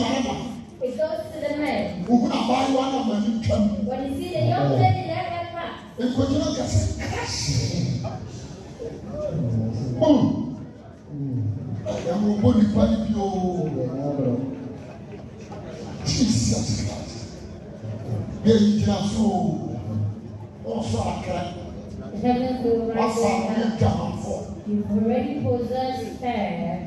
nàá bà. ògùn àbáyọ náà mà ní twẹ́ mu. nkòjú náà kẹsẹ̀ kẹsẹ̀. ẹ̀rù bó nípa níbi ooo. Jesus Christ. Bí èyí jẹ́ aṣọ ooo. Wọ́n sọ àkàrà. Telleth the right hand. You've already possessed her.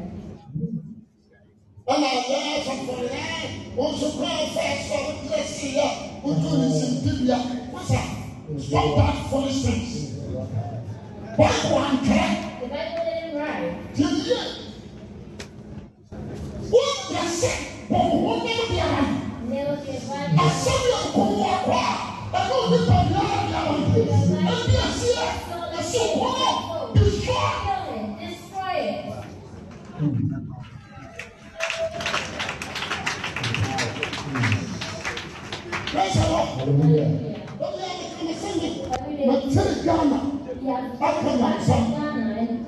Ọ̀nà àgbẹ̀ àfọ̀fọ̀rẹ̀ náà, wọ́n tún kọ́ ọ̀fẹ́ ẹ̀fọ́ ọ̀dúnlẹ̀ sí i yá, wọ́n tún lè ṣe ìdíbi yá. Wọ́n sà, stop that foolishness. Báwo à ń kẹ́? Tìlíyẹ. Wọ́n yà sẹ́, bọ̀wọ̀ wọ́n mẹ́rin bí ara. Àṣẹ mi ò kún wọ́n kọ́, ẹ̀rọ nípa mi. Hallelujah. Mɛtiri Ghana aka nansa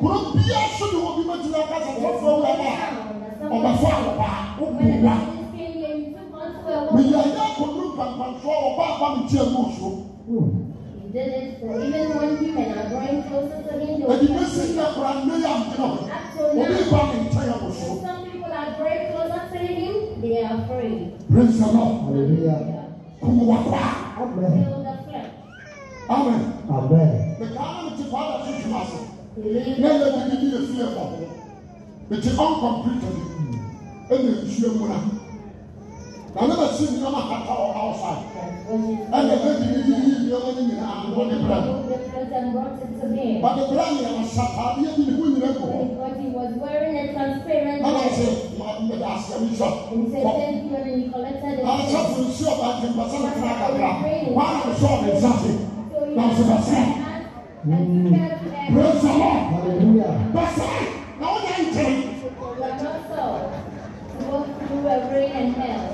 kuro bia so ne wɔ bi mɛtiri aka sɛ wɔfɔ wura ba ɔbɛfɔ awɔba ɔbu wa mɛyɛ ayɛ akɔduru pampamfoɔ ɔba aba mi tiɛ mu so. Ẹni bẹ si ní ẹkura ní yà ntẹ náà, ba mi ntẹ yà wò Praise the Lord. Hallelujah kuwakwa. Amen. Amen. Amen. Mekaa no te kwaada tuntum ase. Na ɛyɛ de bibi na fi ɛkɔ. Mete ɔncompleted. Ɛna nsuo mu na. na ne ba si nyina ma kata wɔ outside ɛna ebi bi bi yi nneɛma ne nyina ano ne bra ba de bra ne yɛn asa taadeɛ bi ne ho nyina kɔ hɔ ɛna ɔsɛ ma ma da asɛ mi sɔ kɔ asɛ fo nsuo ba de mbasa ne kra kakra wa na nsɔ ne nsa se na ɔsɛ ba sɛ praise the lord ba sɛ na wɔn yɛ nkyɛn. We were praying in hell.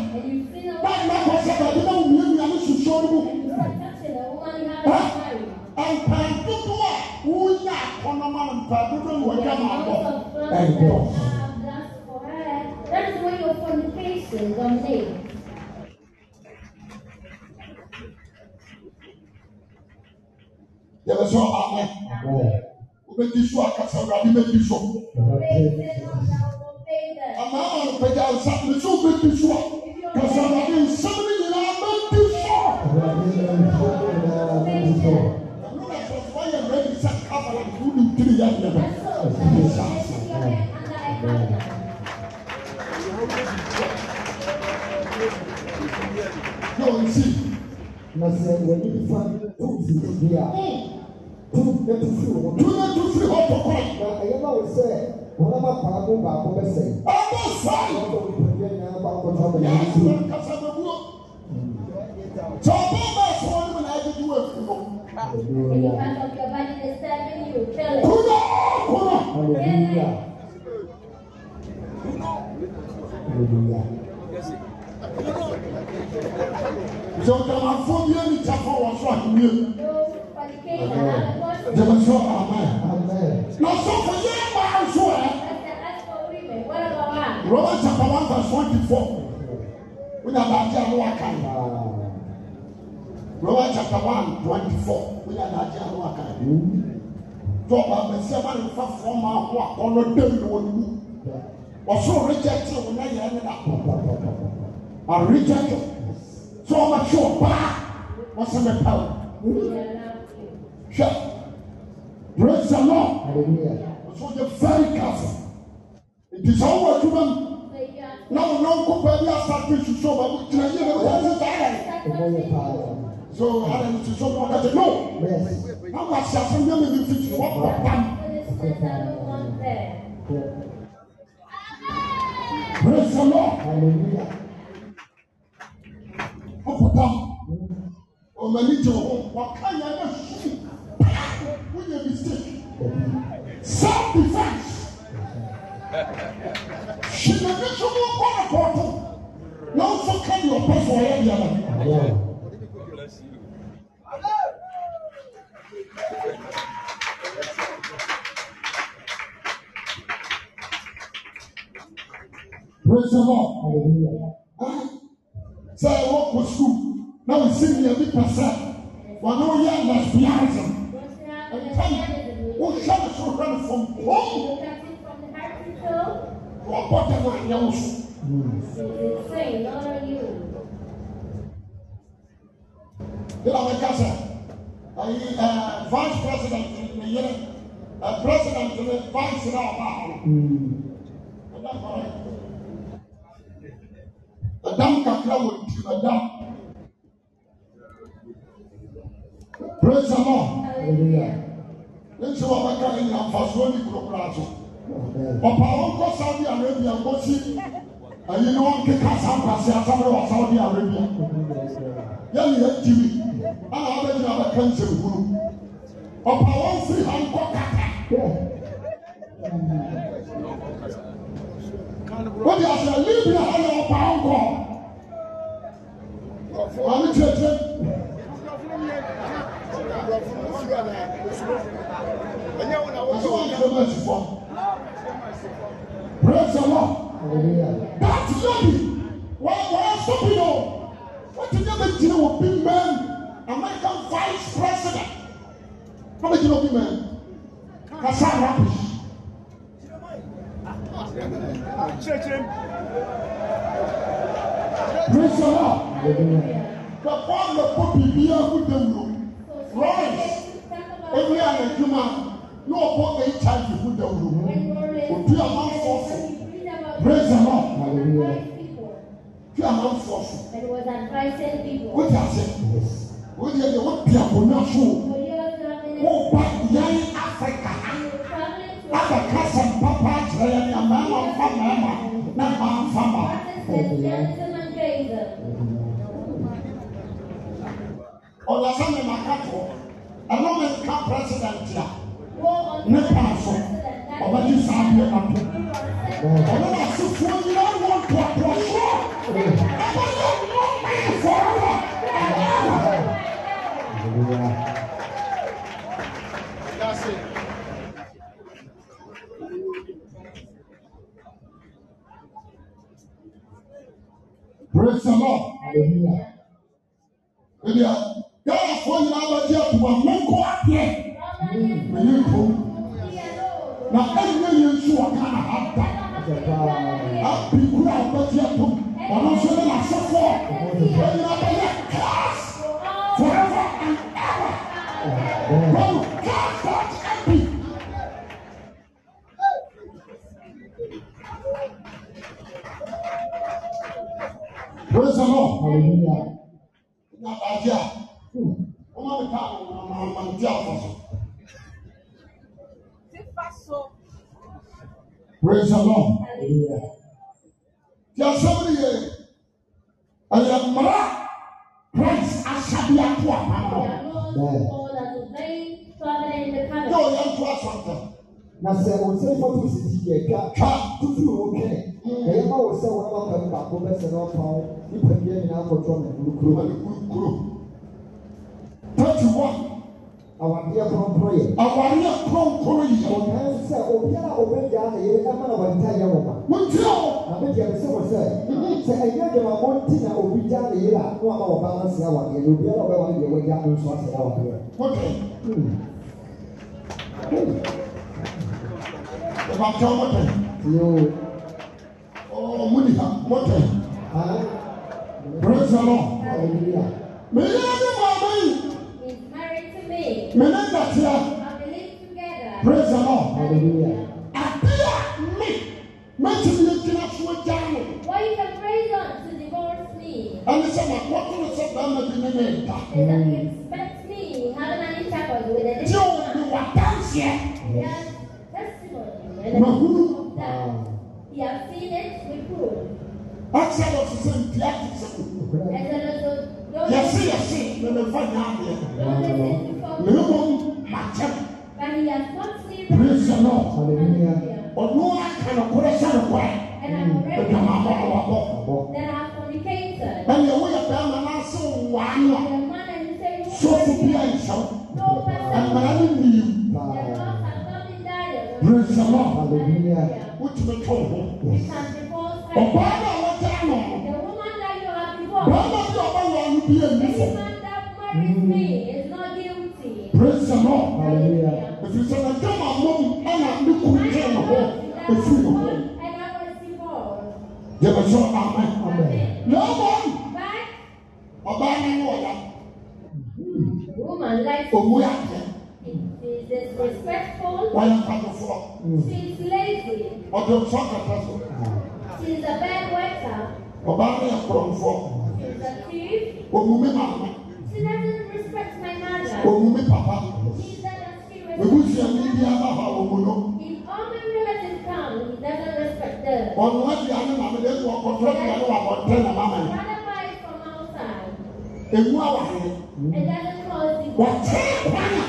báyìí náà kọ́ sọ́kà ẹ̀dí náà wùmí ẹ̀mí àmì sùsù ọ̀rùn mu. Mpaa dodo a wúnyà akọ́nọ́mọ́ ni mpaa dodo ni wọ́n yá máa bọ̀ ẹ̀dọ̀. That is where your fornication comes in. yẹbẹ sọ amẹ ọbẹ ti sọ akasa ọbẹ adi bẹ ti sọ ama ama no pẹja nsa ne sọ ọbẹ ti sọ kasaba nsɛm no nyinaa ma di fɔ. ɛnu na sɔsɔ yɛ rɛdi sɛ kabala k'u ni tiri yɛ yɛ bɛ ɛdi sɛ asa. yɔn si. na sɛ wɔn nifa tó ti di bi a tó bɛ tó fi wɔn. tó bɛ na ɛyɛ bá wò sɛ wọn ama paako baako bɛ sɛ. ɔmɔ fayi. ɔmɔ nipadua nyinaa ba kɔtɔ bɛ yɛn ti. yàtò kasa bɛ wúlò. tí ɔmɔ bá sọ wọn ni mo náà yẹ diwọ efu lọ. kúrò kúrò. hallelujah. hallelujah. Jọ̀dọ̀mọ̀fọ́ bí ẹni jafọ́ wọ́n sọ àdúgbò. Jẹ̀mẹ̀sọ́ àmà. Lọ sọ́kùnrin. Romans chapter one verse twenty four wúnyà dàdí àná wà kàn yìí Romans chapter one twenty four wúnyà are not here kàn yìí tó ọba abẹsí ẹbá ní nfa fún ọmọ àwọn akọlọ dẹbi ni wọn wú ọsùn reject wọn náà yẹ ẹni nà à reject So I'm not sure. wọn what's in the power? Sure. praise the Lord So yẹ very careful nti sɛ wowɔ adwuma mu na wo nɔnko baabi asate susu ɔba bi gyina yie na wode ase saa dɛn so ada ne susu ɔba ɔka sɛ no na wɔasi ase nneɛma bi fi susu wɔbɔ pam praise the lord ɔpɔta ɔmani gye wo ho wɔka yɛ na su woyɛ mistake self defence sinadi tí wọn kọ àkọọtọ wọn fọ káyọ ọpẹ fọ ọyá bíi àbá. Praise the Lord. Hallelujah. Sɛ ɛwɔ kɔ sukuu na wò si nìyɛn bi pasa wà ní oyè àgbàsí àzọ. Ɛntɛn wò hyɛ ne soro hwɛ ne fam wɔbɔ dɛm a you. You Bila the kasa, I, uh, vice president ne yɛrɛ ɛ president ne vice na ɔba awo. Ɛdá kɔrɔ yi. Ɛdám kakra wɔ nti ɛdám. Praise the Lord. Ne ti wɔ bɛ ka ne nyanfa so ne kurokura so ọ̀pá wọn kọ́ Saudi Arabia kọ́ sí ẹ̀yin ni wọ́n kíkà sáńpàṣẹ asáwọ́dẹ wà Saudi Arabia yẹ́nì yẹn ti mi ẹ̀nà abẹ́jì náà bẹ kẹ́ńsẹ̀ ìkúrú ọ̀pá wọn fi hàn kọ́ kàkà. wọ́n di àṣẹ Libya ẹ̀yẹ ọ̀pá wọn kọ́ wọ́n mi tiẹ̀ tiẹ̀. Ẹ̀yẹ́ wọn na wọ́n sọ̀rọ̀ yẹn. Praise the Lord. That yobi wọ́n wọ́n sọ́kùn yọ wọ́n ti yẹ bẹ́ẹ̀ jìnnà wọ́n bí mẹ́rin American vice president wọ́n bẹ́ẹ̀ jìnnà wọ́n bí mẹ́rin kasa rabish. Praise the Lord. The Bẹ̀fọ́ lè put bìbí yẹn. katoɔ ɛno ne nka president a ne paa so ɔbɛgye saa deɛ ato ɔno na asefoɔ nyinaa wɔ ntoatoasoɔ ɛbɛyɛ nnɔme fɔrɔwɔ That's it. Praise the Lord. Hallelujah ghanafoɔ nyinaa bɛgye akoma mmenkɔ adeɛ ɛyɛ nkom na ɛnyɛ yɛ nso wɔ ghana ada abi kura a wɔbɛgye atom ɔno nso ne n'asɔfoɔ wɔn nyinaa bɛyɛ class forever and ever wɔn class dot abi. Praise the Lord. Hallelujah. Praise the Lord. Di asem ni yɛ ɛyɛ mmara Christ asabi ato apamọ. Yɛ ɔyɛ nto asanta. Na sɛ ɔsɛ fɔtɔ si ti yɛ ka ka tutu wo kɛ. Ɛyɛ ma wɔ sɛ wɔn bá pɛm baako bɛ sɛ n'ɔpa wo. Nipa bi yɛ nyinaa akɔtɔ na kuro. Kuro. Thirty one awadeɛ kronkron yɛ. awadeɛ kronkron yɛ. ɔkan sɛ obiara obedi ana yɛ ɛma na wɔn ta yɛ wɔn ma. wɔn ti yɛ wɔ. na bɛbi ɛbi sɛ wɔ sɛ. sɛ ɛyɛ dɛmɛ wɔn ti na obi gya na yɛ a wɔn ama ɔbaa na sɛ awadeɛ na obiara ɔbɛ wɔn deɛ wɔn gya no nso asɛ awadeɛ. okay. ɛfɛ atwa wɔn tɛ. yoo. Oh, ɔɔ mu ni ha wɔn tɛ. ɛɛ. praise the lord. ɛɛ mi yɛ ni maa mi. Remember here. Praise the Lord. Hallelujah. me. Why you And it's about what can I say about the name? It's expect me. How do I you with a You are dancing. Yes. Testimony. Mahuru. You have seen it before. Exodus is in the Exodus. yɛse yɛse na mɛfa nyinaa deɛ me mmom makyɛm praise the lord ɔno aka nokorɛ sɛ nokorɛ adwama bɔ na wabɔ ɛneɛ woyɛ bɛrima no ase waa no a sɔfo bi a nhyɛw ɛmmara no nnii praise the lord wotumi twɛ wo ho ɔbaa no a wɔtaa no bàbá tí ọba wọ ọdún bíi èmi fọ. praise the lord If you say efiri sọ na gama mọmu ẹna ne kuru kyẹn na hɔ efiri na hɔ yẹbẹ sọ amen yọọbọ hmm. ọba nínú ọya owó yà kẹ wọ́n yà kàtó fọ ọdún fọ kàtó fọ ọba ní ẹ̀kọ́ nfọ. The thief omume maama did not respect my mother. omume papa He doesn't respect ebusua mi bi aba hɔ a wɔn no. If all my relatives come, he doesn't respect them. ɔno adi ano maame de ɛkò ɔkɔtɔ di ano wà ɔtɛ na maama yi. Father buy from outside. emu awa hɛ. And doesn't cause the. wɔtɛ kwana.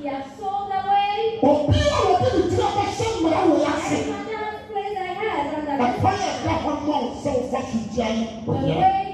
He has sold away. obi a wɔde ne tiri abɛhyɛ mmara wɔ yase. Father has placed their hands under the. ɛkwan yɛ ɛka hɔ mɔ nsɛn fɔ tuntum ayi.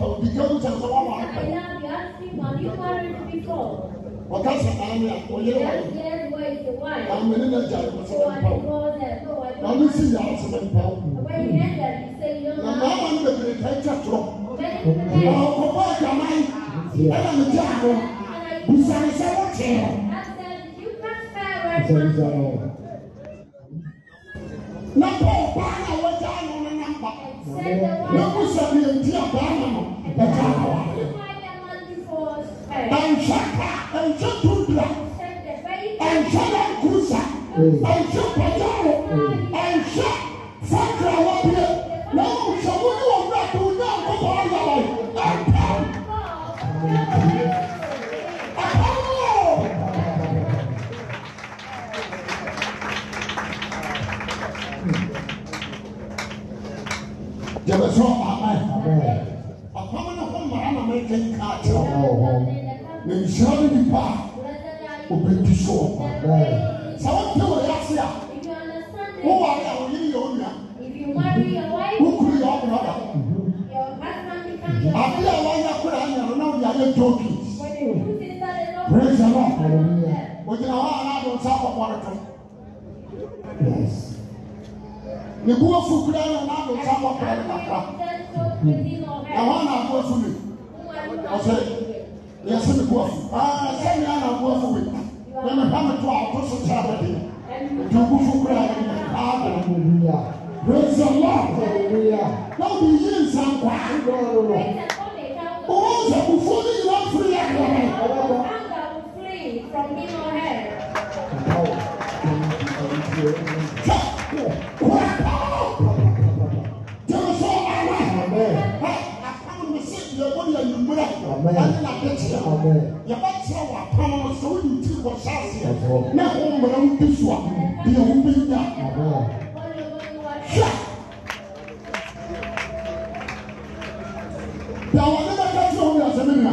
transfer obi ká wọ́n transfer wọ́n wà á kọ́. ẹ̀yà bí a ti mọ̀ ní marriage before. ọ̀gá sọ maame a oyè wà yìí. maame ní n'ẹja ló sọ fún pa o. maame sì yà á sọ fún pa o. na maama ní bèbèrè ká ẹ jẹ àtúrọ. ọkọ̀ bá àgbà máa ń ẹ̀ nà ní jẹ́ àgbọ̀. na mo sɛ deɛ nti a barima no bɛka awareɛ ɛnhwɛ ka ɛnhwɛ tundra ɛnhwɛ nankrusa ɛnhwɛ pagyawo nhyira ne nipa obɛdi so wɔ kwan sɛ wote wɔ yɛase a woware a woyere yɛ onua wokuru yɛ ɔbrɔda ade a wayɛ kora anya no na wode ayɛ tokis praise the lord ogyina hɔ ana ade wo nsa akɔkɔre to ne bu afu kura na na ade wo nsa akɔkɔre no kakra na hɔ ana abo afu ne ɔsɛ na yɛsɛ ne boafo aa sɛne ana boafo wei na mepa meto a ɔto so kyɛ bɛde nti wogu fo kora a ɛne aabɛna praise the lord hallelujah na wo yi nsankwa owó nsàkùfó ní ìlú afiri yà wọ ní. From him or her. wayɛ n'adekyerɛ yɛbɛkyerɛ wɔ apam no sɛ woyi ti wɔ hyɛaseɛ na ho mmerɛ wo bi so oh, a deɛ wo bi nya hwɛ deɛ wɔde bɛka kyerɛ wo yɛ sɛ ne nua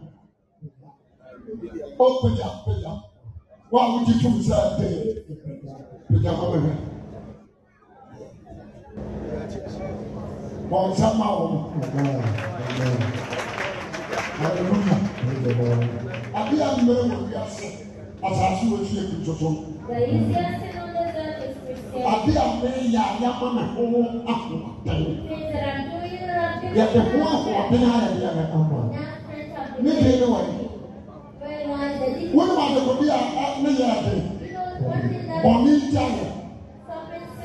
ɔpagya pagya wɔn a wɔgye tom sɛ ɛdɛ pagya kɔ bɛhwɛ wɔn nsa ma wɔn hallelujah ade a mmiri wɔ wiase asase wɔ fie bi toto ade a mmiri yɛ a yɛama na ho ahoɔden yɛde ho ahoɔden a yɛde yɛde ama ne de ne wɔ yi wọn ni wàá dẹkọ bí a ne yẹ ẹdẹ bọni gya yẹ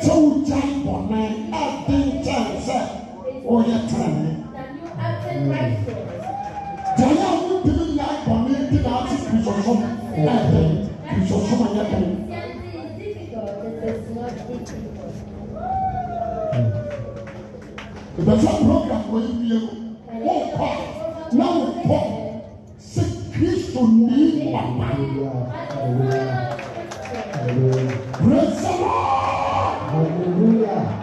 sẹ wò gya bọni ẹdẹ gya yẹ sẹ wò yẹ tẹnẹ jẹyẹ àwọn bíbí nyà bọni bí náà ti fi sọsọm ẹdẹ fi sọsọm ẹyẹ tẹnẹ. ìgbésẹ̀ program wo yìí wíyẹ o wọ́n kọ́ náà wọ́n kọ́ in the name of God. Praise the Lord. Hallelujah.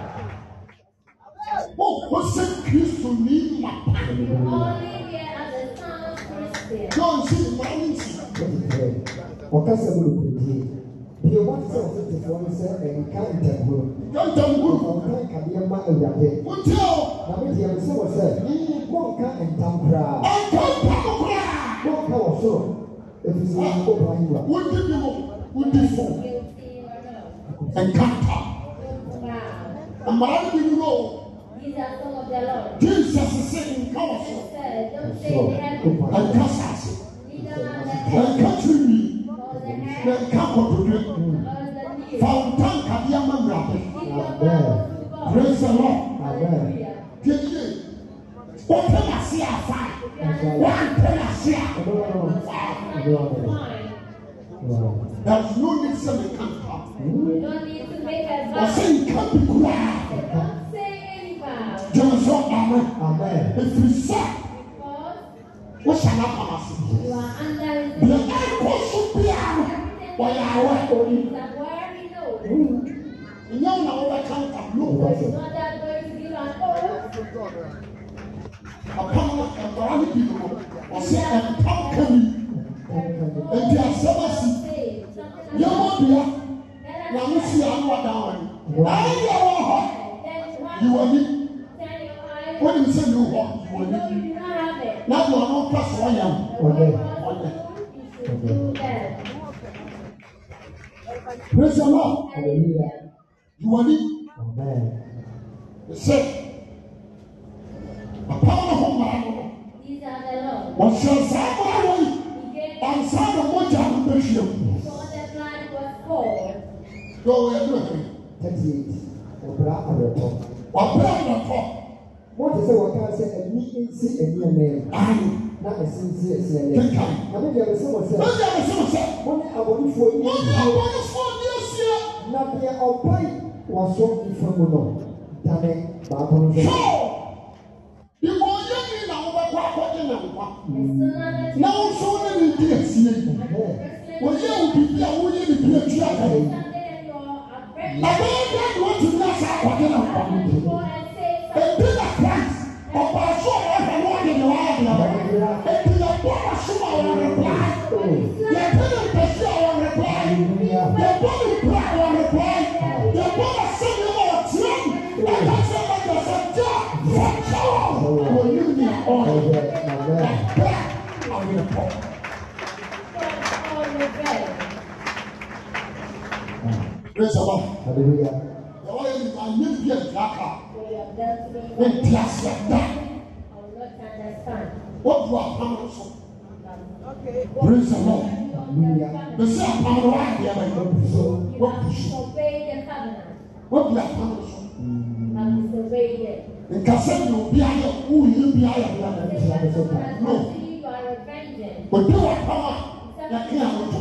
Oh, what's it Kristo ni mapa? John si mmanisi. Ọkasa mu lukuru die. Deɛ wɔn sɛ ɔtetefoɔ no sɛ ɛnka ntamuro. Ntamuro. Ɔnka nkadeɛ ma awurade. Wotia o. Na mi deɛ mi sɛ wɔ sɛ, wɔnka ntam koraa. Ntam koraa. wọ́pọ̀ ọ̀ṣọ́ efisɛ ọba yiwa. wọ́n di bi mu wọ́n di fún ẹ̀kántà àmàlà ni bí wúlò. Jesus sẹ nǹkan ọ̀ṣọ́ praise the Lord. Amen. Amen. Open see sea fire. One prayer There's no need to make a vow. No need can't be glad. Don't say amen. Amen. If you say, what shall I come as? You are under the apostle Pierre. are we? Ìyá ìnáwó sɛ ɛmpam ka mi nti asɛm asi yɛwɔ dua wɔn si ano ada wɔn ayé yɛ wɔ hɔ yi wɔn ni wɔn nim sɛ yiwɔ hɔ yi wɔn ni na deɛ ɔno pa so ɔyɛ o ɔyɛ praise the lord yi wɔn ni sɛ apam no ho mmaa no ɔhyɛ saa baayɛ yi ansa na mogya no bɛhwɛ mu yɛ ɔyɛ dɛ thirty eight ɔbra awɛtɔ ɔbra awɛtɔ wọ́n ti sẹ́ wọ́n ká sẹ́ ẹ̀mí ẹ̀sí ẹ̀mí ẹ̀mẹ́ yẹn na ẹ̀sí ẹ̀sí ẹ̀sí ẹ̀mẹ́ yẹn na mi jẹ́ ẹ̀sí wọ́n sẹ́ wọ́n ní abọ́nifọ́ yìí wọ́n ní abọ́nifọ́ ní ẹ̀sí ẹ̀ na bí ọ̀pá yìí wà sọ́ ìfọ̀mù náà dáná bàbá ọ̀nfẹ́. na wọn nso ne ne di asie wɔyɛ obibi a wɔyɛ ne bi atu aka yi abɛɛ bɛɛ ni wɔn ti na sa akɔde na akɔde ebi na price ɔbaako a wɔhwɛ no ɔde ne wɔayɛ deɛ ɛbi na bɔ ɔsom a wɔn reply yɛ bi na mpɛ. Praise the Lord. Hallelujah. Ẹ̀wọ́ yẹn ni màá ní bí ẹ̀dá kà. Wọ́n ti àṣẹ dá. Wọ́n bu àpamọ́ sọ. Praise the Lord. Bẹ̀sí àpamọ́ wa àdìyẹ bá yẹ kó sọ. you kù sọ. Wọ́n bu àpamọ́ sọ. Nkasa ni obi ayẹ kú yìí bi ayẹ bí ayẹ bí ayẹ bí ayẹ. No. Òde wà pàmò yà kí àwọn tó.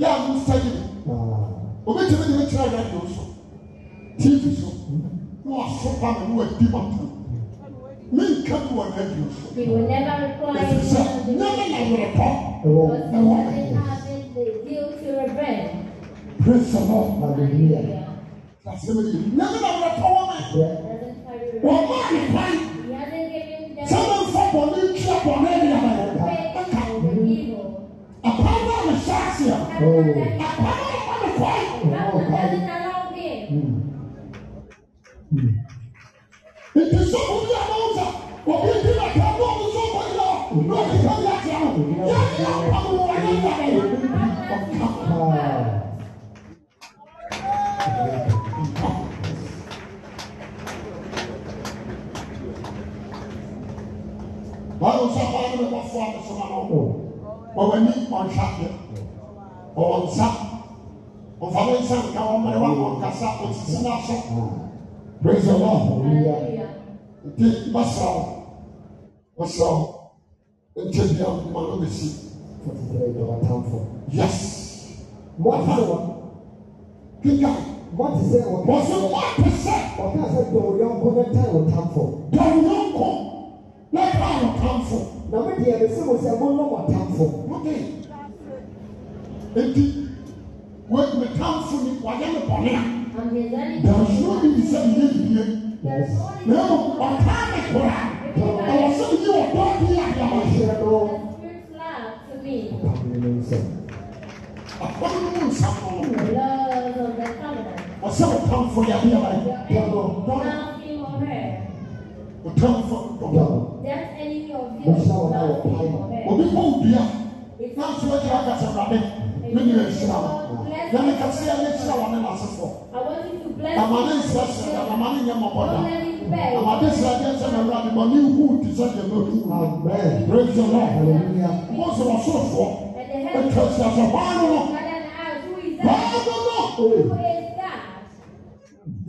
Yà á mú tẹ̀lé yẹn kyerɛ yẹn adiwọn so tv so na wà so pa mi wà di ma tán mi nka bi wà yẹn adiwọn so efisɛ nyɛmɛ na yɛrɛ pɔ ɛwɔ ɛwɔ praise the lord hallelujah asɛmɛ yi nyɛmɛ na yɛrɛ pɔ wɔn mɛ wɔn mɛ ayɛ pan sɛmɛ nfa bɔ ne ntua bɔ ne yɛrɛ yɛrɛ ɛka apá náà lè sá àsìá apá náà nti sọ wọn bí fún ọmọ ẹni wọn fún ọmọ ní wọn ṣàkóso wọn ɔfa nsa nka wɔn mmerɛ wɔn ɔnkasa ɔsisi n'aso praise the lord hallelujah nti basaw basaw nkyɛn bi a mma no besi yes wɔfa kika wɔte sɛ wɔse wɔte sɛ ɔka sɛ dɔwɔ yɔnko ne ta yɔ tamfo dɔwɔ yɔnko ne ta yɔ tamfo na mi deɛ bɛ se mo sɛ mo lɔ wɔ tamfo nti metamfo ni wayɛ me bɔne a dansono bi bi sɛ meyɛ bibie na mmom ɔtaa me kora ɛwɔ sɛ meyi wɔdɔ bi a yɛmahyerɛ no akɔne no mu nsa no ɔsɛ metamfo yɛde aba dɔdɔ metamfo dɔdɔ obi bɔ wo dua na nso agyina akasɛ wurade ne nyina nhyira wo na mekaseɛ ne kyerɛ wɔ ne n'asefoɔ amane nsrɛsrɛ amane nyɛ mɔbɔda amade sradeɛ sɛ na awurade bɔ ne nhu te sɛ deɛ mɛdu praise the lord hallelujah mo sɛ wɔsorofoɔ ɛtwa hyia sɛ hwan no no hwan no no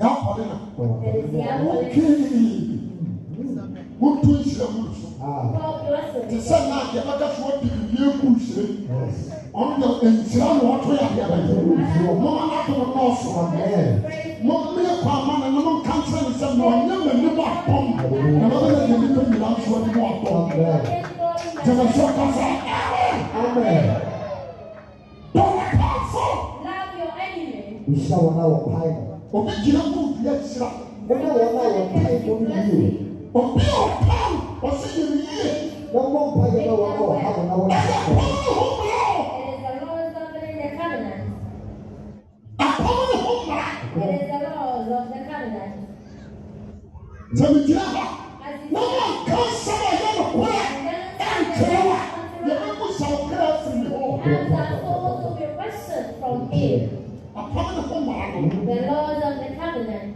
yɛakɔde na wokii wotu nhyira mu so te sɛ na deɛ bɛka so wadi nye kuusire ɔno deɛ nkyira na ɔto yɛ adeɛ bɛyɛ mɔmɔ n'ato no nɔɔso mɔmɔ yɛ kɔ ama na mɔmɔ nkansɛ ne sɛ na ɔnyɛ mɛ ne mu apɔm na mɔmɔ yɛ deɛ nipa nyina nso ne mu apɔm gyina so kasa bɔwɔ kaafo nhyira wɔn a wɔpae obi gyina mu bi akyira wɔn a wɔn a wɔpae wɔn yie obi a ɔpae. Lord is the covenant. It is the laws of the covenant. Zamidiaba, wọ́n kàn sábà yẹ kó kúrẹ́ ẹ̀ and kẹrẹ́ You yẹ kó kó sàn from fún mi. And our souls will be rested from him. The laws of the covenant.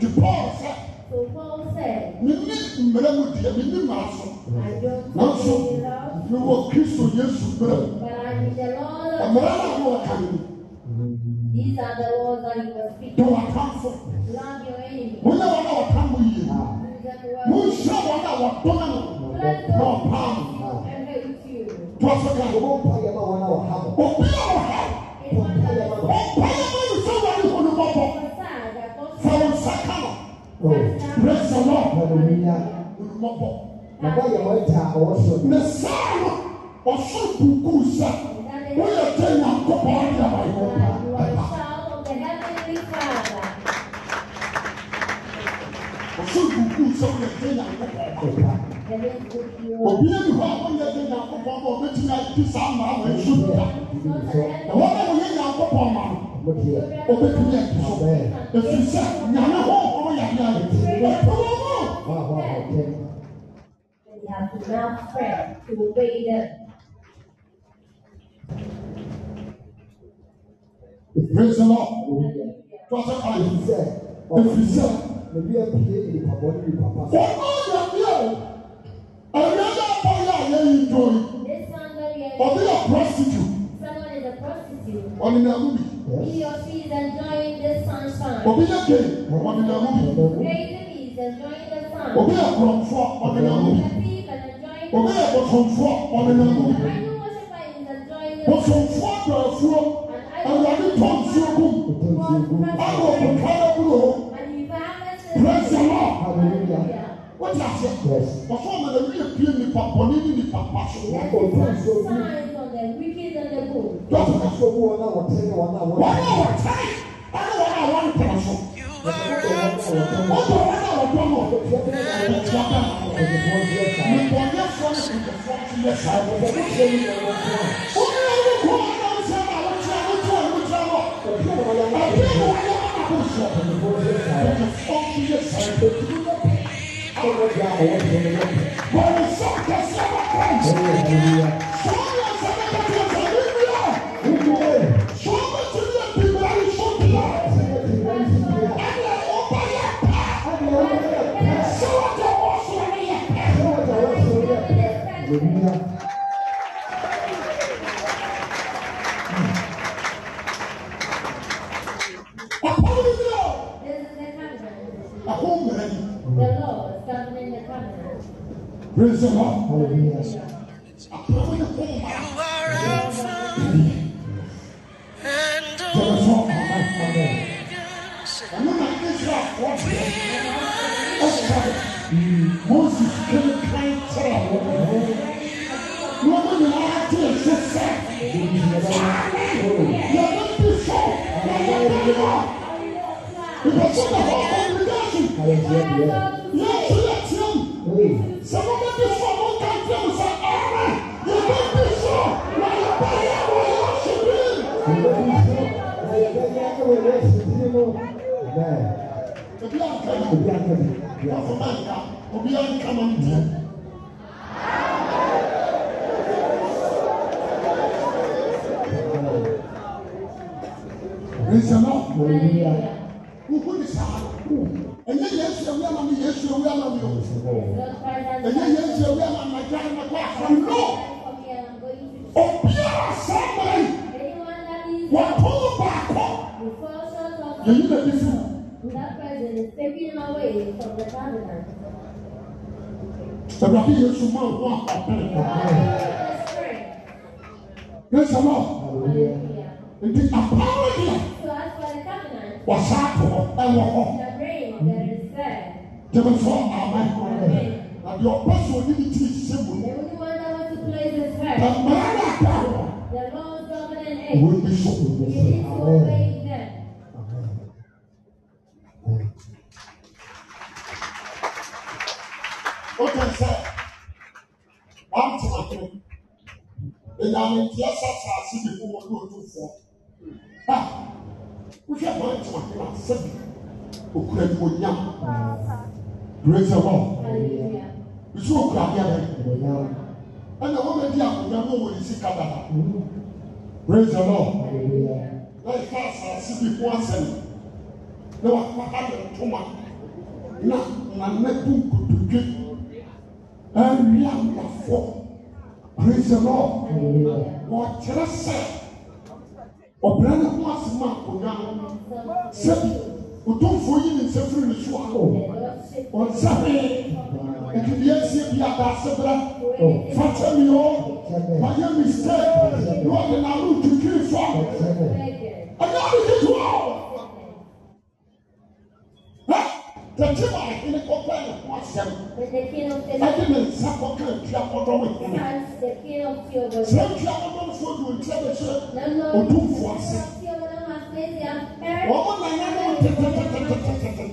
To Paul said. To Paul said. Mi ní mìíràn mu diẹ, mi ní màá sọ. I don't know mewɔ kristo yesu berɛ mmara na mo wɔ kan no dɔ atamfo wonyɛ wɔn a wɔka mo yie monhyɛ wɔn a wɔdɔn no na ɔpaa mo toa so ka obi a ɔha ɔpaa mo no sɛ wɔne ho no mmɔbɔ fa wo nsa ka no praise the lord mmɔbɔ bàbá yẹn wọ́n ta ọwọ́ sọ. na sáà lọ ọsọ kúkú sá wọ́n yẹ kẹ́ ẹ̀yà kọ́kọ́ ọ̀dẹ àbáyọ ẹ̀bá. ọsọ kúkú sá wọ́n yẹ kẹ́ ẹ̀yà kọ́kọ́ ọ̀dẹ àbáyọ obi ebi hɔ a wɔyɛ de nyankopɔ ma ɔbɛtumi agye saa mmaa wɔ nsu bia na wɔn a wɔyɛ nyankopɔ ma no ɔbɛtumi agye so ɛfiri sɛ nyame hɔ ɔwɔ We have to now pray to obey them. Praise the Lord. Prophet Ali said, Efisɛ ɛbi ɛpie nipabɔ ne nipapa. Wɔn a yɛbi o, ɛbi ɛyɛ abɔ yɛ a yɛ yi do yi. Ɔbi yɛ prostitute. Ɔni na mu bi. Obi yɛ gay, ɔni na mu bi. Obi yɛ kurɔnfɔ, ɔni na mu bi obi yɛ bɔsɔnfoɔ ɔde na mu bɔsɔnfoɔ dɔɔfoɔ awurade tɔ nsuo kum ɛna ɔbɛka ɛburo praise the lord wote ase wɔfɔ ɔmo na wiye pie nipa bɔne ne nipa pa so what? wɔn a what? wɔn a wɔtɛn ɛna wɔn a wɔn tɛn so ọbọ wọn náà ọbọ náà ọbọ bẹẹ náà ọbọ tí wọn bá nípa ọyẹ fún mi nípa fún mi yẹ sá ọbọ bẹẹ tí wọn yẹ wọn fún mi. ó ní ọdún kọ́ ọ́n náà ń sẹ́ máa wọ́n ti àwọn tí wọ́n ti àwọn ọbí wọn yẹ wọn kó sọ ọbọ bẹẹ tí wọn yẹ fún mi yẹ sá ọbọ tí wọn bá àwọn ọbẹ àwọn ọbẹ wọn yẹ wọn sọ kẹsàn-án de This is the ready. The is the Praise the Lord. Hallelujah. A home, a home. nkurɔfo na hɔ kɔnvidasi. Ayɛtiɛ tiɛ. Yɛ tiɛ tiɛ mu. Sɛ wɔn bɛ di fɔ wɔn ka tiɛ mu sɛ na yɛ bɛ yɛ Obi a nkɛ Obi a nkɛ Obi a nkɛ ɛyɛ yɛ nti ɛwɛ na anagya na kɔ afa no obiara sábà yi wàtó baako yɛyi na bi fi. Ẹ̀rọ̀dì yẹn sùn máa wọ àpẹẹrẹ ọ̀hún. Yes, sir, Lord. Nti apáwọ̀ yẹn wà sáà tó ẹ̀wọ̀ hɔ. Jẹ́mi fọ́ àmà ẹ̀kọ́ rẹ̀. Your ɔbɔ so ɔne ne tiri sɛ mu no tamaa na ata hɔ will be so Amen. so awɔ. Oke sɛ wantena kene enyame ntia sa saase bi fo wɔn ne otufoɔ a wohwɛ wantena kene asɛ bi okura bi wɔ nyam grace of all nso okura adeɛ bɛ ɛnyam ɛna wɔn bɛ di akonnwa mu wɔ esi kadada praise the lord na ɛka asase bi ko asɛm na wakɔ ayɛ ntoma na nane bu nkotodwe ɛwia nwafo praise the lord wɔkyerɛ sɛ ɔbrɛ ne ho asɛm akonnwa no sɛbi otumfoɔ yi ne nsa firi ne so a ɔnsa hee ɛdini ɛsi bi adase bra fata mi o ma yɛ mistake ni wa de na alu tuntun fa ɛdi alu tuntun wa o ɛ tɛti ma ɛdini kɔkɔ ɛna kɔ asɛm ɛdi mi nsa kɔkɔ ɛtua kɔdɔ mi kuna sɛ ɛtua kɔdɔ mi fo du ntia bɛ sɛ ɔdu nfu ase wɔn mo na yɛ mo tɛtɛtɛtɛtɛtɛ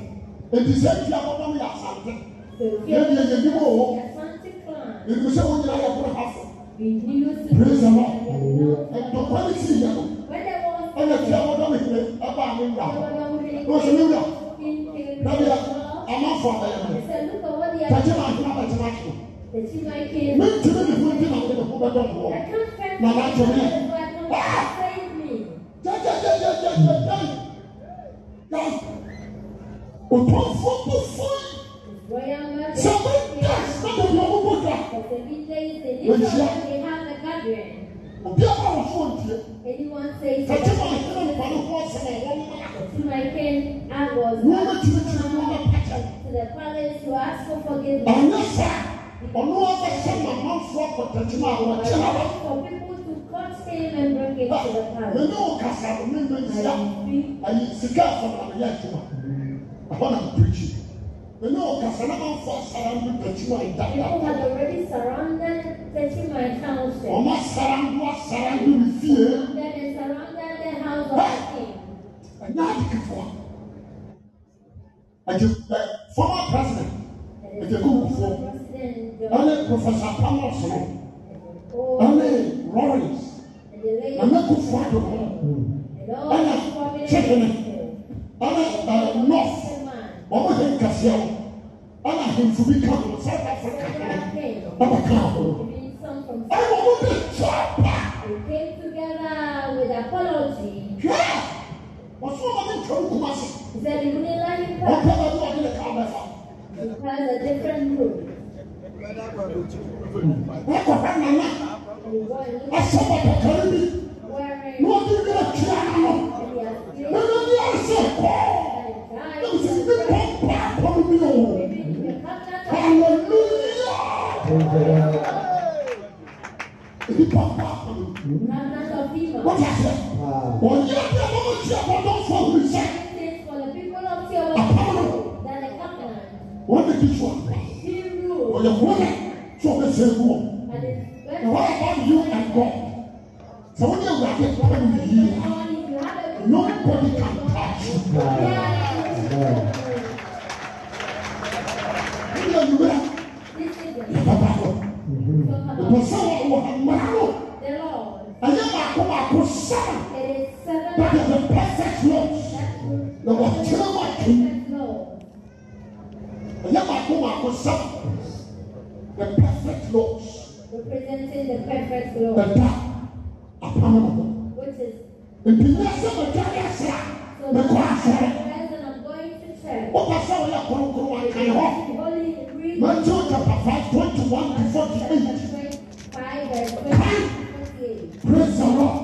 ɛdi sɛ ɛtua kɔdɔ mi yɛ asante yẹn yẹn yẹn dìbò wọ ìgbésẹ wọn nyina yẹ kúrò ha praise the lord ni si yẹ ẹnna tí a wọn dọ mi kiri ẹ bá mi wura o sì mi wura dàbí a a máa fọ abẹ yẹn mẹ tàjí máa fi máa tàjí máa fi mi ti mi nìkú ní ma mi nìkú bẹ dọ̀ wọ màmá tó mi wá jẹjẹjẹjẹjẹjẹ yà òtún fún kú fún yìí. So Sọ̀kò tẹ̀sí lọ́dọ̀ ní ọkọ̀ gbọ́dọ̀ a. Èyíyá. Obi ọba wà fún òdìyẹ. Fẹ̀tí wà ní ọ̀nà ìpàdé fún ọ̀sán ẹ̀ wọ́n mú àkọ́. Wọ́n mú tìmítìmí wọ́n mú pàtàkì. Ọ̀nà sá, ọ̀nà wọn bẹ sẹ́ màmá fún ọkọ̀ tẹ̀tí máa wọ̀ tí a wọ̀. Nínú kasa mi ní ìyá, àyè sika àfọ̀nà àyè àjùmọ̀, àfọ̀nà àpèjì ɛnna ɔkasa na afa asarandu pɛtu wa ɛda. people had already surrounded pɛtu my house. wɔn asarandu asarandu mi fie. then they surrounded the house of ah! the king. ɛnyɛ adi kifo a ɛdi ɛ former president ɛdi ɛdi kufo ɛnna professor pamela soro ɛnna lawrence ɛnna kufo ado hɔ ɛnna chekene ɛnna north wɔn mu hɛ nkasi ɛwɔ ɔna ahemfo bi ka no south africa no ɔba ka ho ɛwɔ mo de tɔ apa hwɛ ɔsoro ma ne ntwa wo kuma se a different ne ɔde ne ka bɛfa wakɔhwɛ nana asɛ bapakare bi na ɔde ne atwea no no na ne ne asɛ kɔɔ na sɛ ne pɔmpa apɔno bi no Nobody can touch you. ɛwɔ sɛ wɔwɔ mmaa no ɛyɛ baako baako sɛn but it's the perfect law na wɔkyerɛ wɔto ɛyɛ baako baako sɛn the perfect law ɛda apam no ho nti nyɛ sɛ the yɛ sra mekɔ asɔre wopɛ sɛ woyɛ kronkron ankae hɔ Matthew chapter 5, 21 to 48. Praise the Lord.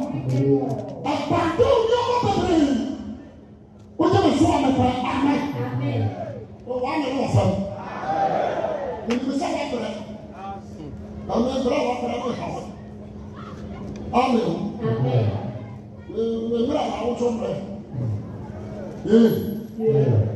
Àgbàdo ní ọmọ bẹ̀rẹ̀ yìí. Ó jẹ́ mi fún Amen. pẹ̀lú àmì. Wà á yẹ wọ̀ fẹ́. Ìgbésí àwọn bẹ̀rẹ̀. Àwọn ìbẹ̀rẹ̀ wà bẹ̀rẹ̀ Amen. ìhàwọ̀. Àmì o. Ìbẹ̀rẹ̀ àwọn tó ń bẹ̀rẹ̀.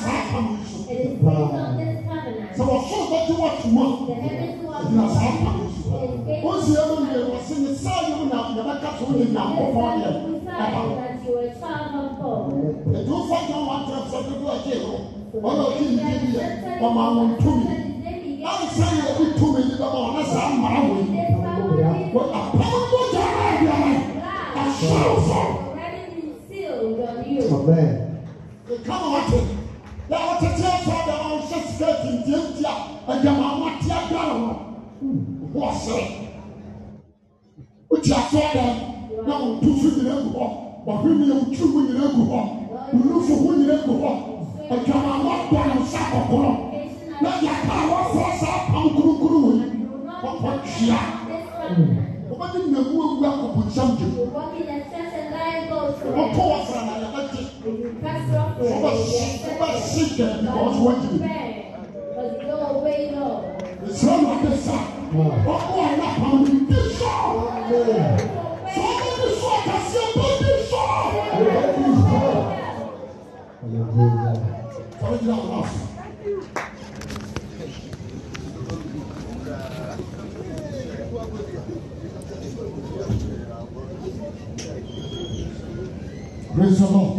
saa apam yi so kɔkɔ paa sɛ wɔsoro bɛto wɔ tuma ɛgyina saa apam yi so wɔn si ɛmu yɛ wɔsi ne saa yɛ mu na yɛbɛka to ne na kɔkɔ yɛ papa ɛdi wofa kan wa tẹ ɛfɛ dodo ɛkye yɛ wɔn a ɔkye yi yɛ ɔmo awo ntomi.